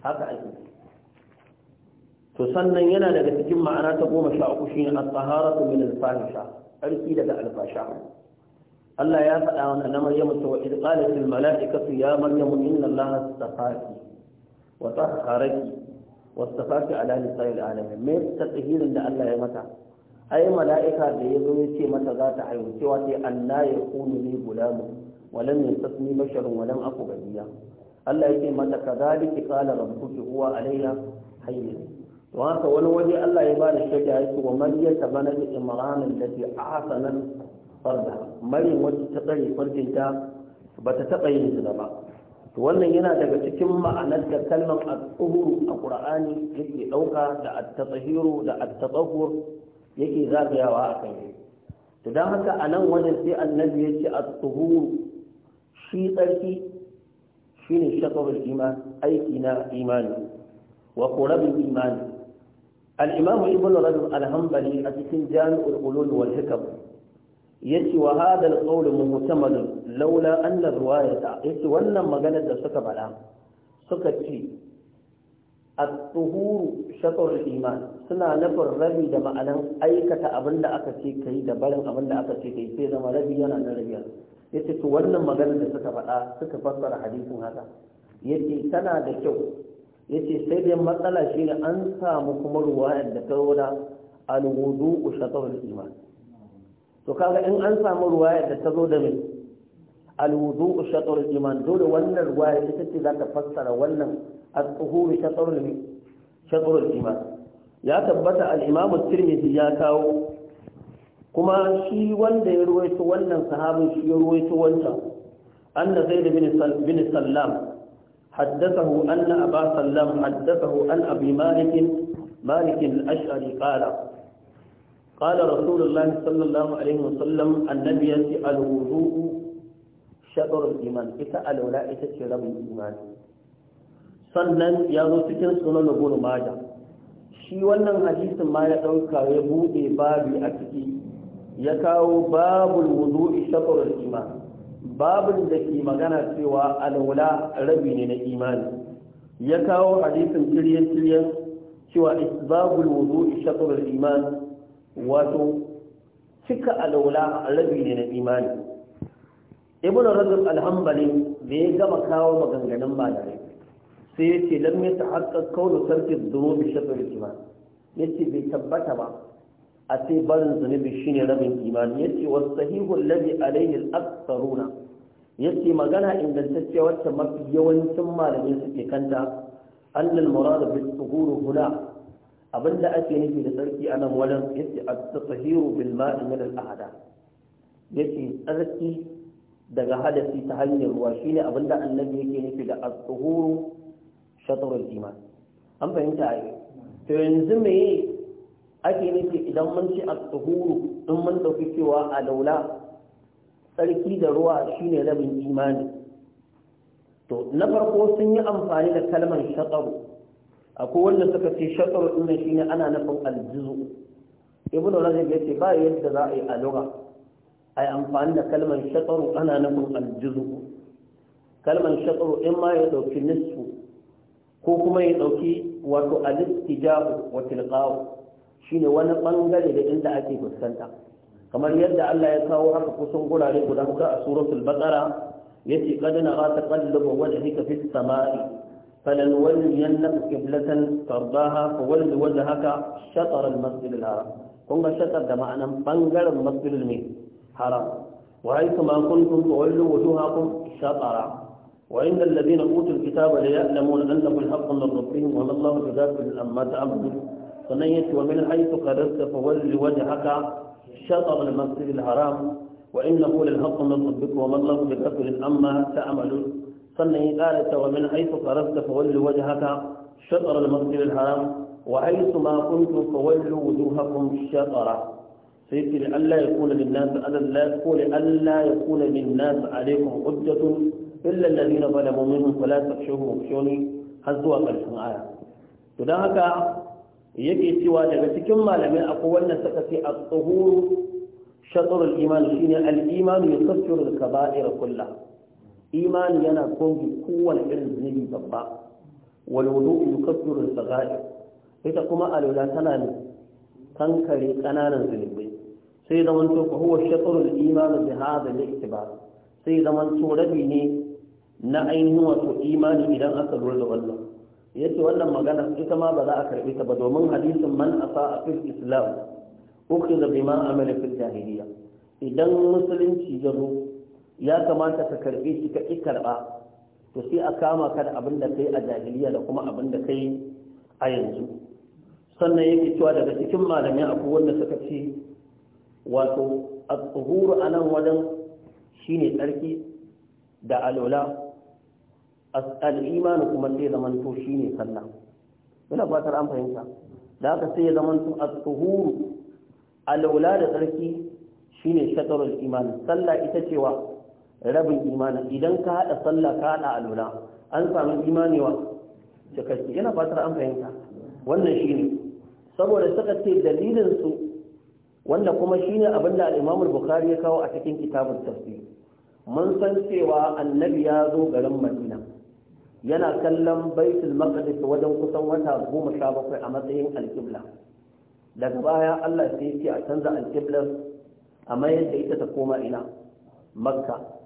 haka ake to sannan yana daga cikin ma'ana ta goma sha uku shine at-taharatu min al-fahisha tsarki daga al fahisha Allah ya faɗa wa na Maryamu ta wa'id qalat al mala'ikatu ya Maryamu inna Allah astafaki wa tahharaki wa astafaki ala nisa'il alamin me tatahirin da Allah ya mata ai mala'ika da ya zo ya ce mata za ta haihu cewa sai Allah ya kunu ni gulamu ولم يستثني بشر ولم أكو بنيا الله يكي متى كذلك قال haka wani waje allah ya ولو وجه الله wa الشجاعة ومن يتبنى إمران التي أحسنت farda marin wacce ta tsare farjinta ba ta taɓa yin zina ba to wannan yana daga cikin ma'anar da kalmar al a qur'ani yake ɗauka da at-tatahiru da at-tatahur yake zagayawa a kai to don haka a nan wajen sai annabi ya ce at-tuhuru shi tsarki shine shakarul iman aiki na imani wa qurabul imani al-imam ibn rajab al-hanbali a cikin jami'ul ulul wal hikam yace wa hada alqawl muhtamal laula anna riwayata yace wannan magana da suka faɗa suka ce at-tuhuru shatr al-iman suna nafar rabi da ma'anan aikata abin da aka ce kai da barin abin da aka ce kai sai zama rabi yana da rabi yace to wannan magana da suka faɗa suka fassara hadisin haka yace tana da kyau yace sai dai matsala shine an samu kuma ruwayar da ta wada al-wudu'u shatr al-iman to kaga in an samu ruwaya da ta zo da mai alwudu shatar iman dole wannan ruwaya ita ce za ta fassara wannan at-tuhuru shatar ne shatar iman ya tabbata al-imam at-tirmidhi ya kawo kuma shi wanda ya ruwaito wannan sahabin shi ya ruwaito wancan anna zaid bin bin sallam حدثه أن أبا سلم حدثه أن أبي مالك مالك الأشعري قال قال رسول الله صلى الله عليه وسلم النبي الوضوء شطر الإيمان إذا الولاء تشرب الإيمان sannan ya zo cikin sunan da gona maja shi wannan hadisin ma ya ɗauka ya buɗe babi a ciki ya kawo babul wudu'i shafarar iman Babul da ke magana cewa alwala rabi ne na imani ya kawo hadisin kiryen kiryen cewa isbabul wudu'i shafarar iman wato cika alaula rabi ne na imani ibn rajab alhambali ne da ya gama kawo maganganun malamai sai ya ce lam yatahaqqaq qawlu sarki dhunub bi al-iman yace bai tabbata ba a sai barin zunubi shine rabin imani yace was sahihu alladhi alayhi al Ya yace magana ingantacce wacce mafi yawancin malamai suke kanta annal murad bi suhur hula. abinda ake nufi da sarki a nan wajen yace at-tahiru bil ma'i a al-ahada tsarki daga hadasi ta hanyar ruwa shine da annabi yake nufi da at-tuhuru shatr an fahimta ai to yanzu me ake nufi idan mun ci at in mun dauki cewa a daula tsarki da ruwa shine rabin imani to na farko sun yi amfani da kalmar shataru akwai wanda suka ce shatar ɗin shine ana nufin aljizu ibnu rajab ya ce ba yadda za a yi a lura a yi amfani da kalmar shataru ana nufin aljizu kalmar shataru in ma ya ɗauki nisfu ko kuma ya ɗauki wato alistijabu wa tilqawu shine wani bangare da inda ake fuskanta kamar yadda Allah ya kawo haka kusan gurare guda huɗu a suratul baqara yace qad naqa taqallubu wajhika fis samai فلنولينك قبلة ترضاها فول وجهك شطر المسجد الحرام كونغا شطر ده معنى بنجر المسجد المين حرام وحيث ما كنتم تولوا وجوهكم شطرا وإن الذين أوتوا الكتاب ليعلمون أنه الحق من ربهم وما الله بغافل أما تعملون فنيت ومن حيث قررت فول وجهك شطر المسجد الحرام وإنه للحق من ربك وما الله بغافل أما تعملون سنه قالت ومن حيث فرست فولوا وجهك شطر المسجد الحرام وحيث ما كنتم فولوا وجوهكم شطرة سيدي لألا يكون للناس لا يقول ألا يكون للناس عليكم حجة إلا الذين ظلموا منهم فلا تخشوهم وخشوني هزوا قلت آية تدعك يجي سوى جبت كما لم يأقول سكتي الطهور شطر الإيمان الإيمان يكسر الكبائر كلها imani yana kogi kowane irin zunubi babba wal wudu yukaffiru sagair ita kuma alwala tana ne kankare kananan zunubai sai zaman to fa huwa shatrul iman bi hada al-i'tibar sai zaman to rabi ne na ainihin wato imani idan aka lura da wannan yace wannan magana ita ma ba za a karbi ta ba domin hadisin man asa fil islam ukhidha bima amila fil jahiliya idan musulunci ya zo ya kamata ka karbe shi ka ƙi karɓa to sai a kama ka da abin da kai a jahiliya da kuma abin da kai a yanzu sannan yake cewa daga cikin malamai akwai wanda suka ce wato a tsuhuru a nan wajen shi ne tsarki da alola al'imanu kuma sai zamanto shi ne sallah ina fatar an fahimta da haka sai ya zamanto a tsuhuru alola da tsarki shi ne shatarul iman sallah ita cewa rabin imani idan ka haɗa sallah ka haɗa alula an samu imani wa cikakke yana fatar an fahimta wannan ne. saboda suka ce dalilinsu, wanda kuma shine abin da al bukari bukhari ya kawo a cikin kitabun tafsir mun san cewa annabi ya zo garin Madina yana kallon Baitul Maqdis wajen kusan wata 17 a matsayin al-qibla daga baya Allah sai ya ce a canza al-qiblar amma yadda ita ta koma ina makka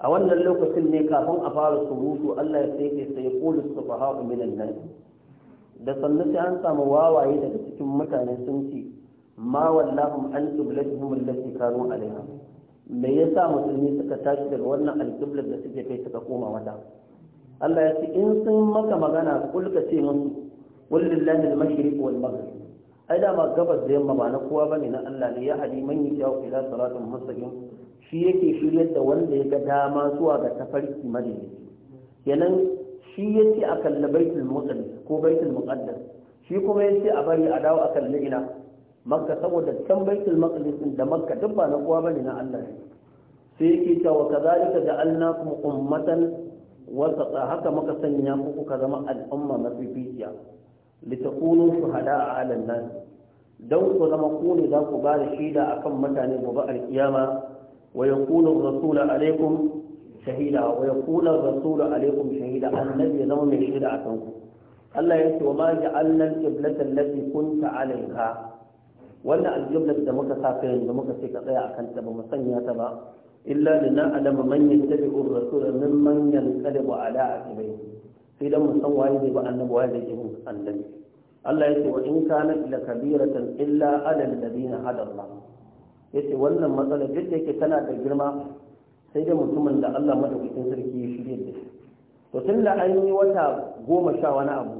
a wannan lokacin ne kafin a fara surutu Allah ya sai ke sai qulu sufaha'u minan nan. da sannan sai an samu wawaye daga cikin mutane sun ce ma wallahum an qiblatuhum allati kanu alaiha me yasa musulmi suka tashi daga wannan alqiblar da suke kai suka koma wata Allah ya ce in sun maka magana kulka ce musu wallillahi al-mashriq wal maghrib ai da ma gabas da yamma ba na kowa bane na Allah ne ya hadi man yasha ila siratin mustaqim shi yake shiryar da wanda ya ga dama zuwa ga tafarki madaidaici kenan shi ya ce a kalli baitul muqaddas ko baitul muqaddas shi kuma ya ce a bari a dawo a kalli ina makka saboda can baitul maqdis da makka duk ba na kowa bane na Allah ne sai yake cewa kazalika ja'alnakum ummatan wasata haka muka sanya ku kuka zama al'umma mafificiya litakunu shuhada a alal nas dan ku zama ku ne za ku ba da shaida akan mutane gobe alkiyama ويكون الرسول عليكم شهيدا ويكون الرسول عليكم شهيدا الذي لو من شهيد عنكم الله يسوى وما جعلنا القبلة التي كنت عليها ولا القبلة da muka saka yanzu muka ce ka tsaya akan ta ba mu sanya ta ba illa lana alama man yattabi'ur rasul mimman yanqalibu ala aqibai sai dan mu san waye ba annabi waye da Allah ya ce wa in illa ala alladhina hada ya ce wannan matsala duk da yake tana da girma sai da mutumin da Allah madaukakin sarki ya shirya da shi to tun da an yi wata goma sha wani abu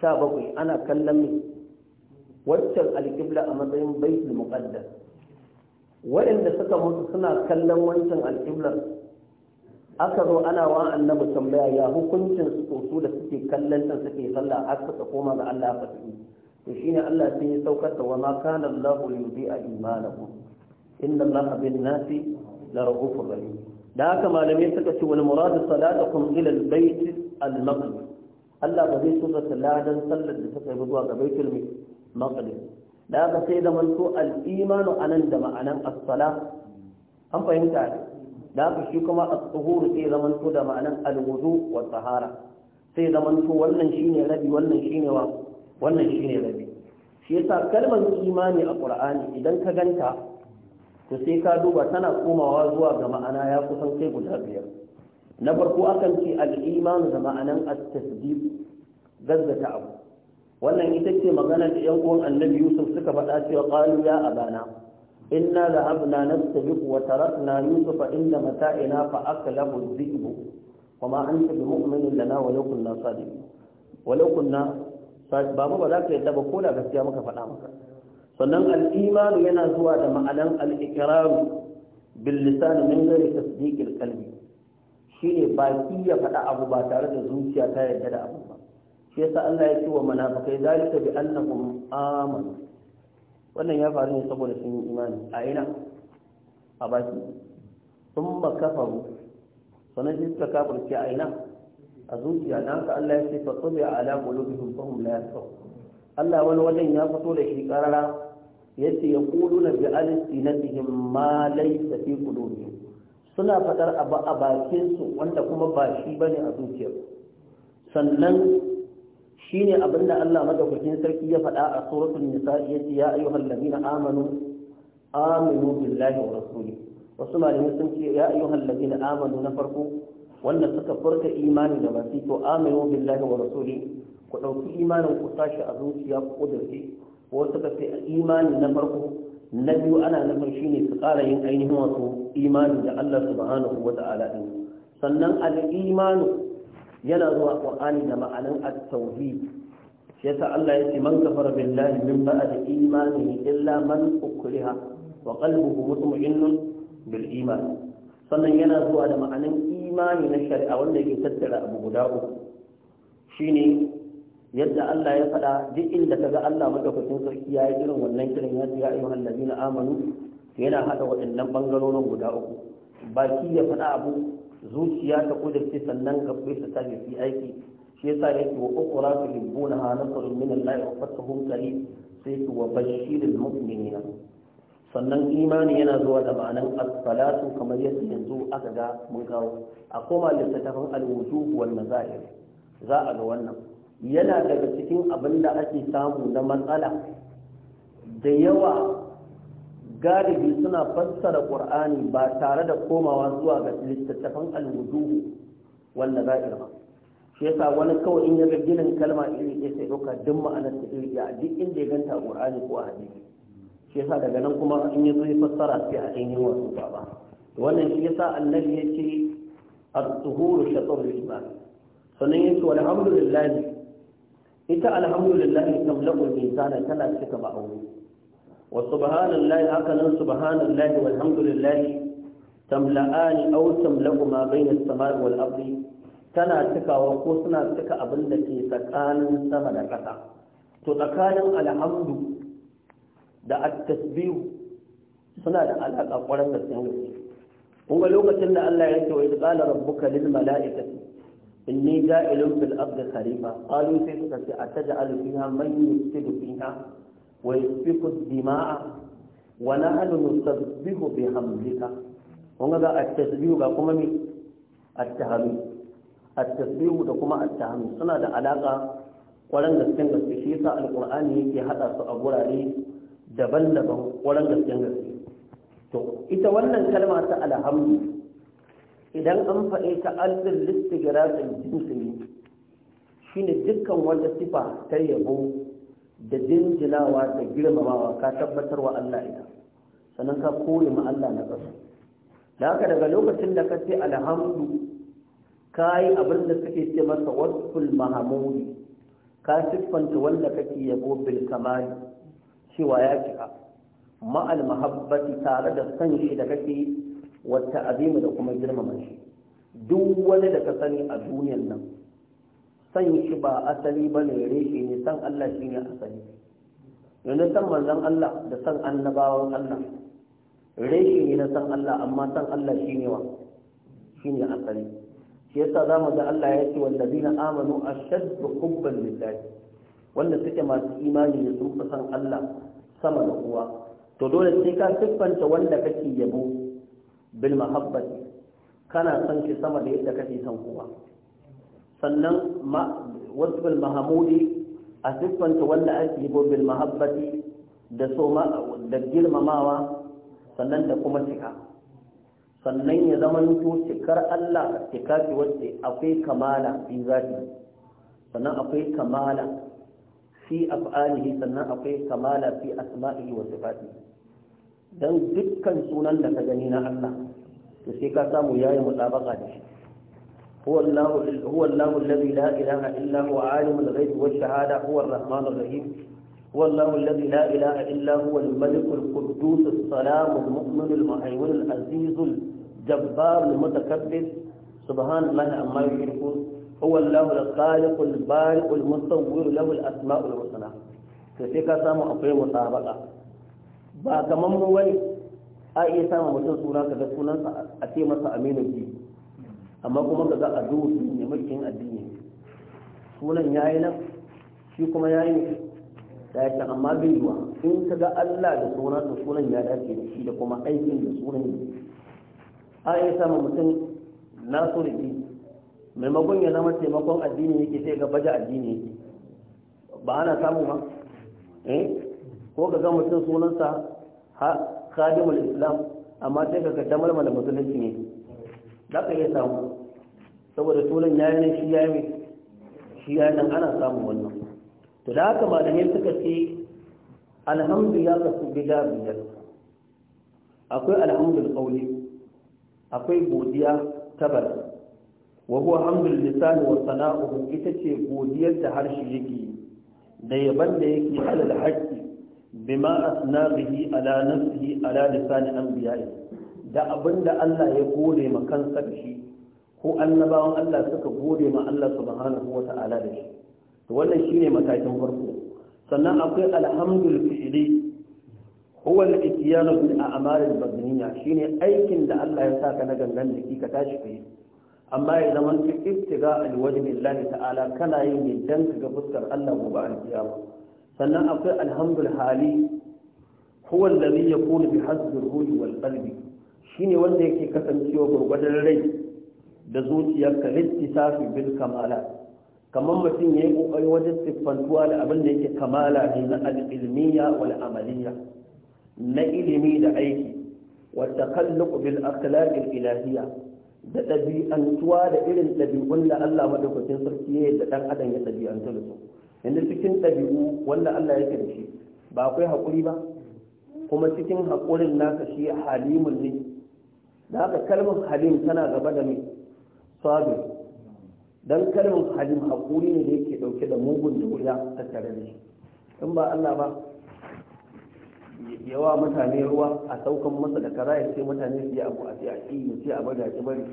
sha bakwai ana kallon mai waccan alƙibla a matsayin baitul muqaddas waɗanda suka mutu suna kallon wancan alƙiblar aka zo ana wa annabi tambaya ya hukuncin su da suke kallon nan suke sallah har suka koma ga Allah fasu to ne Allah sai ya saukar da wama kana Allahu a imanakum inna Allaha bin nasi la rahufur rahim da haka malamai suka ce wal murad salatukum ila al bayt al maqdis Allah ba zai tuba ladan sallar da suka yi zuwa ga baitul maqdis da haka sai da manto al imanu anan da ma'anan as-sala an fahimta da haka shi kuma as-suhur sai zamanto da ma'anan al-wudu wa tahara sai zamanto wannan shine rabi wannan shine wa wannan ne rabi shi yasa kalmar imani a qur'ani idan ka ganta to sai ka duba tana komawa zuwa ga ma'ana ya kusan sai guda biyar na farko akan ce al-imanu da ma'anan at-tasdiq gazzata abu wannan ita ce magana da yan uwan annabi yusuf suka faɗa cewa qalu ya abana inna dhahabna nastabiqu wa tarakna yusufa inda mata'ina fa akalahu dhi'bu wa ma anta bimu'minin lana wa law kunna sadiqin wa law kunna ba mu ba za ka yadda ba ko da gaskiya muka faɗa maka sannan al yana zuwa da ma'anan al-iqraru min gari tasdiqil qalbi shine baki ya faɗa abu ba tare da zuciya ta yadda da abu ba shi yasa Allah ya ce wa munafikai zalika bi annahum amanu wannan ya faru ne saboda sun yi imani a ina a baki sun ba kafaru sannan shi suka kafirce a ina a zuciya na haka Allah ya ce fa tabi ala qulubihim fahum la yafqahun Allah wani wajen ya fito da shi karara yace yaquluna bi alsinatihim ma laysa fi qulubihim suna fadar abu a bakin su wanda kuma ba shi bane a zuciyar sannan shine abinda Allah madaukakin sarki ya faɗa a suratul nisa yace ya ayyuhal ladina amanu aminu billahi wa rasuli wasu malamai sun ce ya ayyuhal ladina amanu na farko wanda suka furta imani da masu to aminu billahi wa rasuli ku ɗauki imanin ku tashi a zuciya ku ƙudurce ko suka ce imani na farko na biyu ana nufin shine su ƙara yin ainihin wasu imani da Allah subhanahu wa ta'ala din sannan al-imanu yana zuwa qur'ani da ma'anan at-tauhid shi yasa Allah ya ce man kafara billahi min ba'd imanihi illa man ukriha wa qalbuhu mutma'innun bil iman sannan yana zuwa da ma'anan imani na shari'a wanda yake tattara abu guda uku shine yadda Allah ya faɗa duk inda kaga Allah madaukakin sarki ya yi irin wannan kiran ya ce ya ayyuhan allazina amanu yana haɗa waɗannan bangarorin guda uku baki ya faɗa abu zuciya ta kudurce sannan ka su ta fi aiki shi yasa yake wa ukura tu libbuna nasrun min Allah a fathun qarib sai wa bashiril mu'minina sannan imani yana zuwa da ma'anan as kamar yadda yanzu aka ga mun kawo a koma littattafan al wal mazahir za a ga wannan yana daga cikin abin da ake samu na matsala da yawa galibi suna fassara qur'ani ba tare da komawa zuwa ga littattafan al wal mazahir ba shi yasa wani kawai in ya ga ginin kalma iri ɗaya sai ɗauka duk ma'anar ta iri ɗaya duk inda ya ganta a qur'ani ko a hadisi shi yasa daga nan kuma in yi zo fassara sai a ainihin wasu ba wannan shi yasa annabi ya ce at-tuhuru shatrul iman sannan yake alhamdulillah ita alhamdulillah tamlaqul insana tana cika ma'auni wa subhanallahi haka nan subhanallahi walhamdulillah tamla'ani aw tamla'u ma bayna as-samai wal ardi tana cikawa ko suna cika abin da ke tsakanin sama da ƙasa to tsakanin alhamdu da at-tasbihu suna da alaƙa ƙwarar da sun gaske kun ga lokacin da Allah ya ce wa qala rabbuka lil mala'ikati inni ja'ilun fil ardi khalifa qalu sai suka ce ataj'alu fiha man yufsidu fiha wa yasfiku dima'a wa nahnu nusabbihu bihamdika kun ga at-tasbihu ga kuma me at-tahmid at-tasbihu da kuma at-tahmid suna da alaƙa ƙwarar da sun gaske shi yasa alqur'ani yake hada su a gurare daban-daban wurin gaskiyar gaske to ita wannan kalma ta alhamdu idan an faɗe ta alfin da jinsini shi ne dukkan wata sifa ta yabo da jinjinawa da girmamawa ka tabbatar wa Allah ita sannan ka koli ma Allah na ƙasa da haka daga lokacin da ka ce alhamdu ka yi abin da suke ce masa wasful mahamudi ka siffanta wanda kake yabo bil kamali cewa ya cika ma'al mahabbati tare da san shi da kake wata azima da kuma girmama shi duk wani da ka sani a duniyan nan san shi ba asali ba ne reshe ne san Allah shi ne asali yanzu san manzon Allah da san annabawan Allah reshe ne na san Allah amma san Allah shi ne wa shi ne asali shi yasa za mu ga Allah ya ce wallazina amanu ashaddu hubban lillahi wanda suke masu imani da sun fi san Allah sama da kowa to dole sai ka siffanta wanda kake yabo bil mahabbati kana san shi sama da yadda kake san kowa sannan wasu bil mahamudi a siffanta wanda ake yabo bil mahabbati da so da girmamawa sannan da kuma cika sannan ya zama to cikar Allah cika ce wacce akwai kamala fi zati sannan akwai kamala fi af'alihi sannan akwai kamala fi asma'ihi wa sifati dan dukkan sunan da ka gani na Allah to sai ka samu yayi mutabaka da shi هو الله هو الله الذي لا اله الا هو عالم الغيب والشهاده هو الرحمن الرحيم هو الله الذي لا اله الا هو الملك القدوس السلام المؤمن المهيمن العزيز الجبار المتكبر سبحان الله عما يشركون huwa Allahu al-khaliqu al-bari'u al-musawwir lahu al-asma'u al-husna to sai ka samu akwai musabaka ba kaman mu wani a iya samu mutum suna kaga sunansa a ce masa Aminu bi amma kuma kaga a duhu ne mulkin addini sunan ya yi nan shi kuma ya yi. da ya amma bai yiwa in ka ga Allah da suna da sunan ya dace da shi da kuma aikin da sunan yi a iya sama mutum na so da maimakon ya zama taimakon addini yake sai ga baje addini yake ba ana samu ba eh ko ka ga mutum sunansa ha khadimul islam amma sai ka ga damalma da musulunci ne za ka iya samu saboda sunan yayi ne shi yayi shi yayi nan ana samu wannan to da haka malamai suka ce alhamdu ya kasu gida biyar akwai alhamdul qawli akwai godiya ta bala wa huwa hamdul lisan wa sana'uhu ita ce godiyar da harshe yake da yaban da yake alal haqqi bima asna bihi ala nafsihi ala lisan anbiya'i da abinda Allah ya gode ma kansa da shi ko annabawan Allah suka gode ma Allah subhanahu wa ta'ala da shi to wannan shine matakin farko sannan akwai alhamdul fi'li huwa al-ityan bil a'mal al-badniyya shine aikin da Allah ya saka na gangan da ka tashi kai amma ya zama ta ibtiga alwajin lillahi ta'ala kana yin ne dan ka ga fuskar Allah gobe ba. sannan akwai alhamdul hali huwa alladhi yakunu bi hasbi ruhi wal qalbi shine wanda yake kasancewa gurgurdan rai da zuciyarka littisafi bil kamala kamar mutum yayi kokari wajen siffantuwa da abin da yake kamala ne na al wal amaliya na ilimi da aiki wa takalluq bil akhlaq al ilahiyya da ɗabi'antuwa da irin ɗabi'un da Allah madaukakin sarki ya da ɗan adam ya ɗabi'antu da su yanzu cikin ɗabi'u wanda Allah ya da shi ba akwai haƙuri ba kuma cikin haƙurin naka shi halimun ne da haka kalmar halim tana gaba da mai sabi don kalmin halim haƙuri ne da yake ɗauke da mugun da wuya tare da shi in ba Allah ba yawa mutane ruwa a saukan masa da kara ya ce mutane su yi abu a ce a ƙi ya ce a bari a bari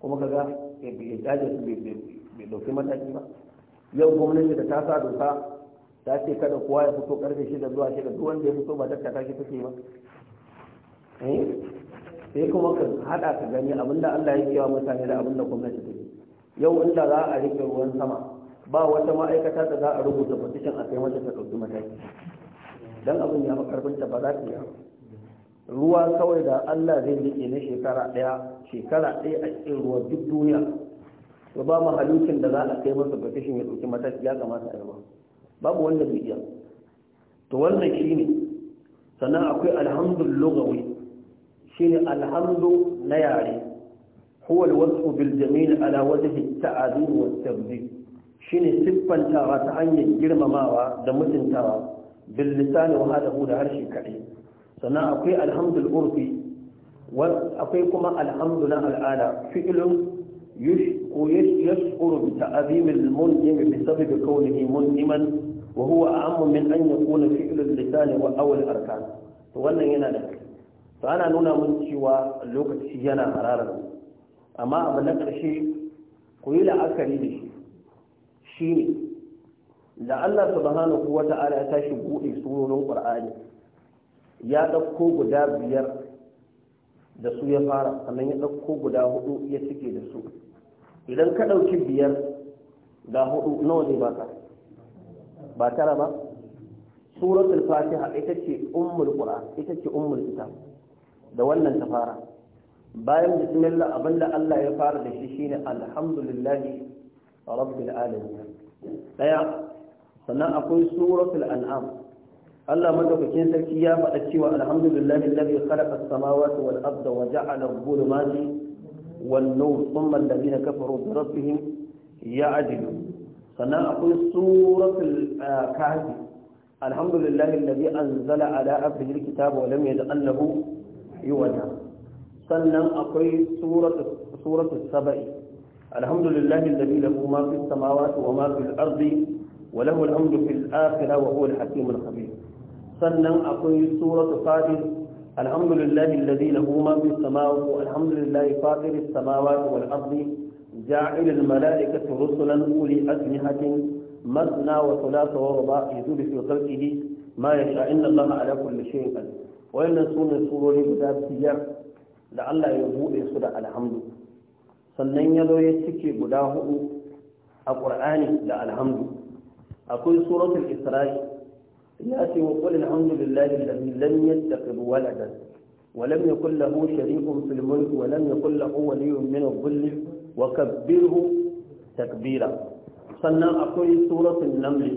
kuma kaga ya dace su bai dauki mataki ba yau gwamnati da ta sa doka ta ce kada kowa ya fito karfe shida zuwa shida duk wanda ya fito ba ta ke take ba eh? sai kuma ka hada ka gani abinda Allah ya kewa mutane da abinda gwamnati take yau inda za a rike ruwan sama ba wata ma'aikata da za a rubuta petition a kai mata ta dauki mataki dan abin ya fi ta ba za ta yi ruwa kawai da Allah zai rike na shekara daya shekara daya a cikin ruwa duk duniya to ba mu halittun da za a kai masa petition ya dauki mataki ya kamata a yi babu wanda bai iya to wannan shine sannan akwai alhamdul lugawi ne alhamdu na yare هو الوصف بالجميل على وجه التعذيب والتبذير Shi ne siffantawa ta hanyar girmamawa da mutuntawa. bil lisan wa hadahu da harshe kadai sannan akwai alhamdul urfi akwai kuma alhamdu na al'ada fi'ilun يشكو يشكر بتعظيم المنعم بسبب كونه منعما وهو أعم من أن يكون فعل اللسان أو الأركان wannan yana da to ana nuna mun cewa lokaci yana hararar amma abu na karshe ku yi la'akari da shi shi da Allah subhanahu wa ta'ala ya tashi buɗe sunonin Qur'ani ya ɗauko guda biyar da su ya fara sannan ya ɗauko guda hudu ya cike da su idan ka ɗauki biyar da hudu nawa ne baka ba tara ba suratul fatiha ita ce ummul qur'an ita ce ummul kitab da wannan ta fara bayan bismillah abinda Allah ya fara da shi shine alhamdulillahi rabbil alamin daya sannan akwai suratul an'am Allah madaukakin sarki ya faɗa cewa alhamdulillahi alladhi khalaqa as-samawati wal arda wa ja'ala adh-dhulumati wan nur thumma alladhina kafaru bi rabbihim ya'dilun sannan akwai suratul ah, kahfi alhamdulillahi alladhi anzala ala abdihi al-kitaba wa lam yaj'al lahu yuwata sannan akwai suratul suratul sabai alhamdulillahi alladhi lahu ma fis samawati wa ma fil ardi وله الأمر في الآخرة وهو الحكيم الخبير sannan akwai suratu fatir alhamdulillahi alladhi lahu ma fi samawati alhamdulillahi fatir as-samawati wal ardi ja'il al malaikati rusulan uli ajnihatin مثنى وثلاث ورباع يزول في خلقه ما يشاء ان الله على كل شيء قدير سنة سورة guda biyar da Allah ya buɗe su da alhamdu sannan ya zo ya guda huɗu a Qur'ani da alhamdu akwai suratul isra'i ya ce wa qul alhamdu lillahi alladhi lam yattakhidh waladan wa lam yakul lahu sharikun fil mulk wa lam yakul lahu waliyyun min adh wa kabbirhu takbira sannan akwai suratul naml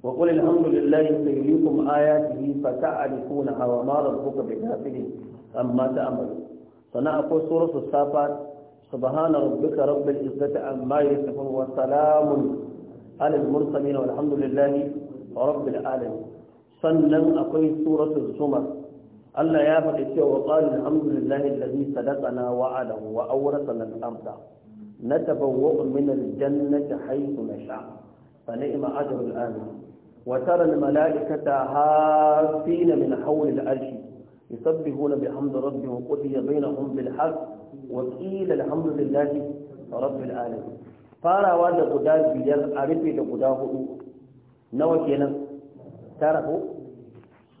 wa qul alhamdu lillahi sayuriikum ayatihi fata'rifunaha wa ma rabbuka bighafilin amma ta'malu sannan akwai suratul safat subhana rabbika rabbil izzati amma yasifun wa salamun على المرسلين والحمد لله رب العالمين سنن اقي سوره الزمر الله يبارك وقال الحمد لله الذي صدقنا وعده واورثنا الارض نتبوأ من الجنة حيث نشاء فنعم أجر الآن وترى الملائكة هافين من حول العرش يسبحون بحمد ربهم وقضي بينهم بالحق وقيل الحمد لله رب العالمين farawa da guda biyar a rufe da guda hudu nawa kenan ta rabu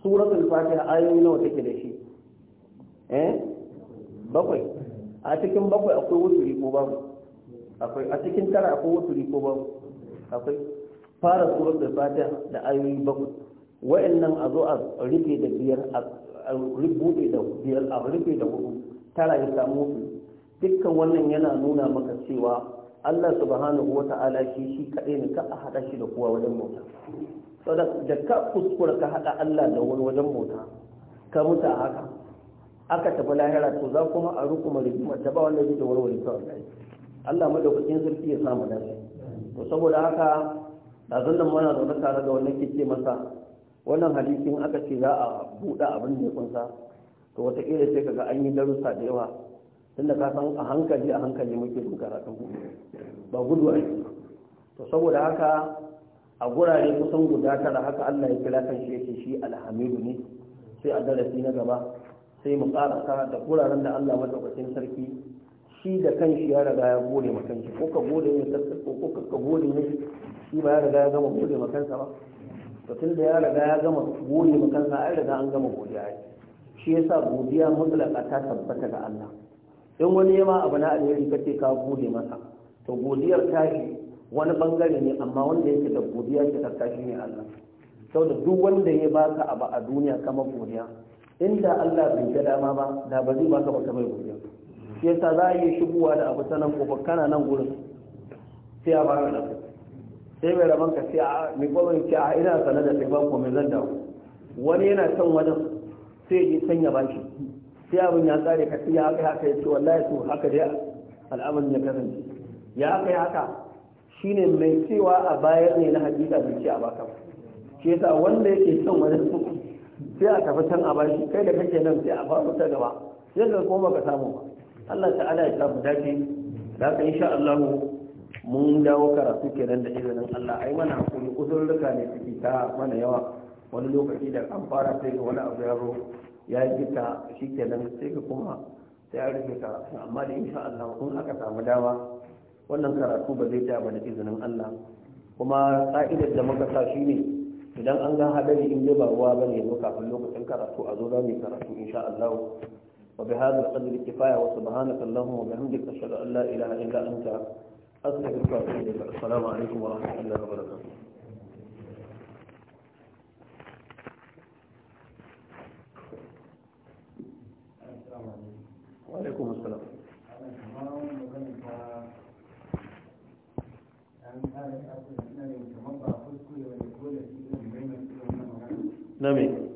suratul fatiha ayoyi nawa take da shi eh bakwai a cikin bakwai akwai wuturi ko babu akwai a cikin tara akwai wuturi ko babu akwai fara suratul fatiha da ayoyi bakwai wa'annan a zo a rufe da biyar a rubuɗe da biyar a rufe da hudu tara ya samu dukkan wannan yana nuna maka cewa Allah subhanahu wa ta'ala shi shi kaɗai ne ka a haɗa shi da kowa wajen mota da ka kuskura ka haɗa Allah da wani wajen mota ka mutu a haka aka tafi lahira to za kuma a rukuma rigima ta ba wanda zai da warware ta wallahi Allah madaukakin sarki ya samu dace to saboda haka da nan muna zaune tare da wannan kike masa wannan hadisin aka ce za a buɗe abin da ya kunsa to wataƙila sai ga an yi darussa da yawa tunda ka san a hankali a hankali muke bin karatun ba gudu a yi to saboda haka a gurare kusan guda tara haka Allah ya kira kan shi yake shi alhamidu ne sai a darasi na gaba sai mu karasa da guraren da Allah madaukakin sarki shi da kanshi ya riga ya gode ma kanshi ko ka gode ne ko ka gode ne shi ba ya riga ya gama gode ma kansa ba to tun da ya riga ya gama gode ma kansa ai riga an gama godiya ai shi yasa godiya mutlaka ta tabbata ga Allah in wani yama abu na alheri kace ka gode masa to godiyar tashi wani bangare ne amma wanda yake da godiya ke tashi ne Allah sau da duk wanda ya baka abu a duniya kamar godiya inda Allah bai ga dama ba da ba zai baka ba kamar godiya shi yasa za a yi shigowa da abu sanan ko kana nan gurin sai a fara da sai mai rabon ka sai a mai gwamnan ce a ina sanar da kai ba ko mai zan dawo wani yana son wajen sai ya sanya baki sai abin ya tsare ka sai ya haka haka ya ce wallahi to haka dai al'amarin ya kasance ya kai haka haka shine mai cewa a bayar ne na hakika bai ce a baka ba shi wanda yake son wani sai a tafi can a bashi kai da kake nan sai a faru ta gaba yadda koma ka samu ba Allah ta'ala ya samu dace da haka insha Allah mun dawo karatu kenan da izinin Allah ai mana hakuri uzurruka ne suke ta mana yawa wani lokaci da an fara sai ga wani abu yaro ya yi ta nan sai ga kuma sai a rufe karatu amma da insha Allah in aka samu dama wannan karatu ba zai ba da izinin Allah kuma ƙa'idar da muka sa shi ne idan an ga hadari in ba ruwa ba ne yanzu kafin lokacin karatu a zo za mu karatu insha Allah wa bi hadha qadri kifaya wa subhanaka allahumma wa bihamdika ashhadu an la ilaha illa anta astaghfiruka wa atubu ilaik assalamu alaikum wa rahmatullahi wa barakatuh wa alaikum assalam na me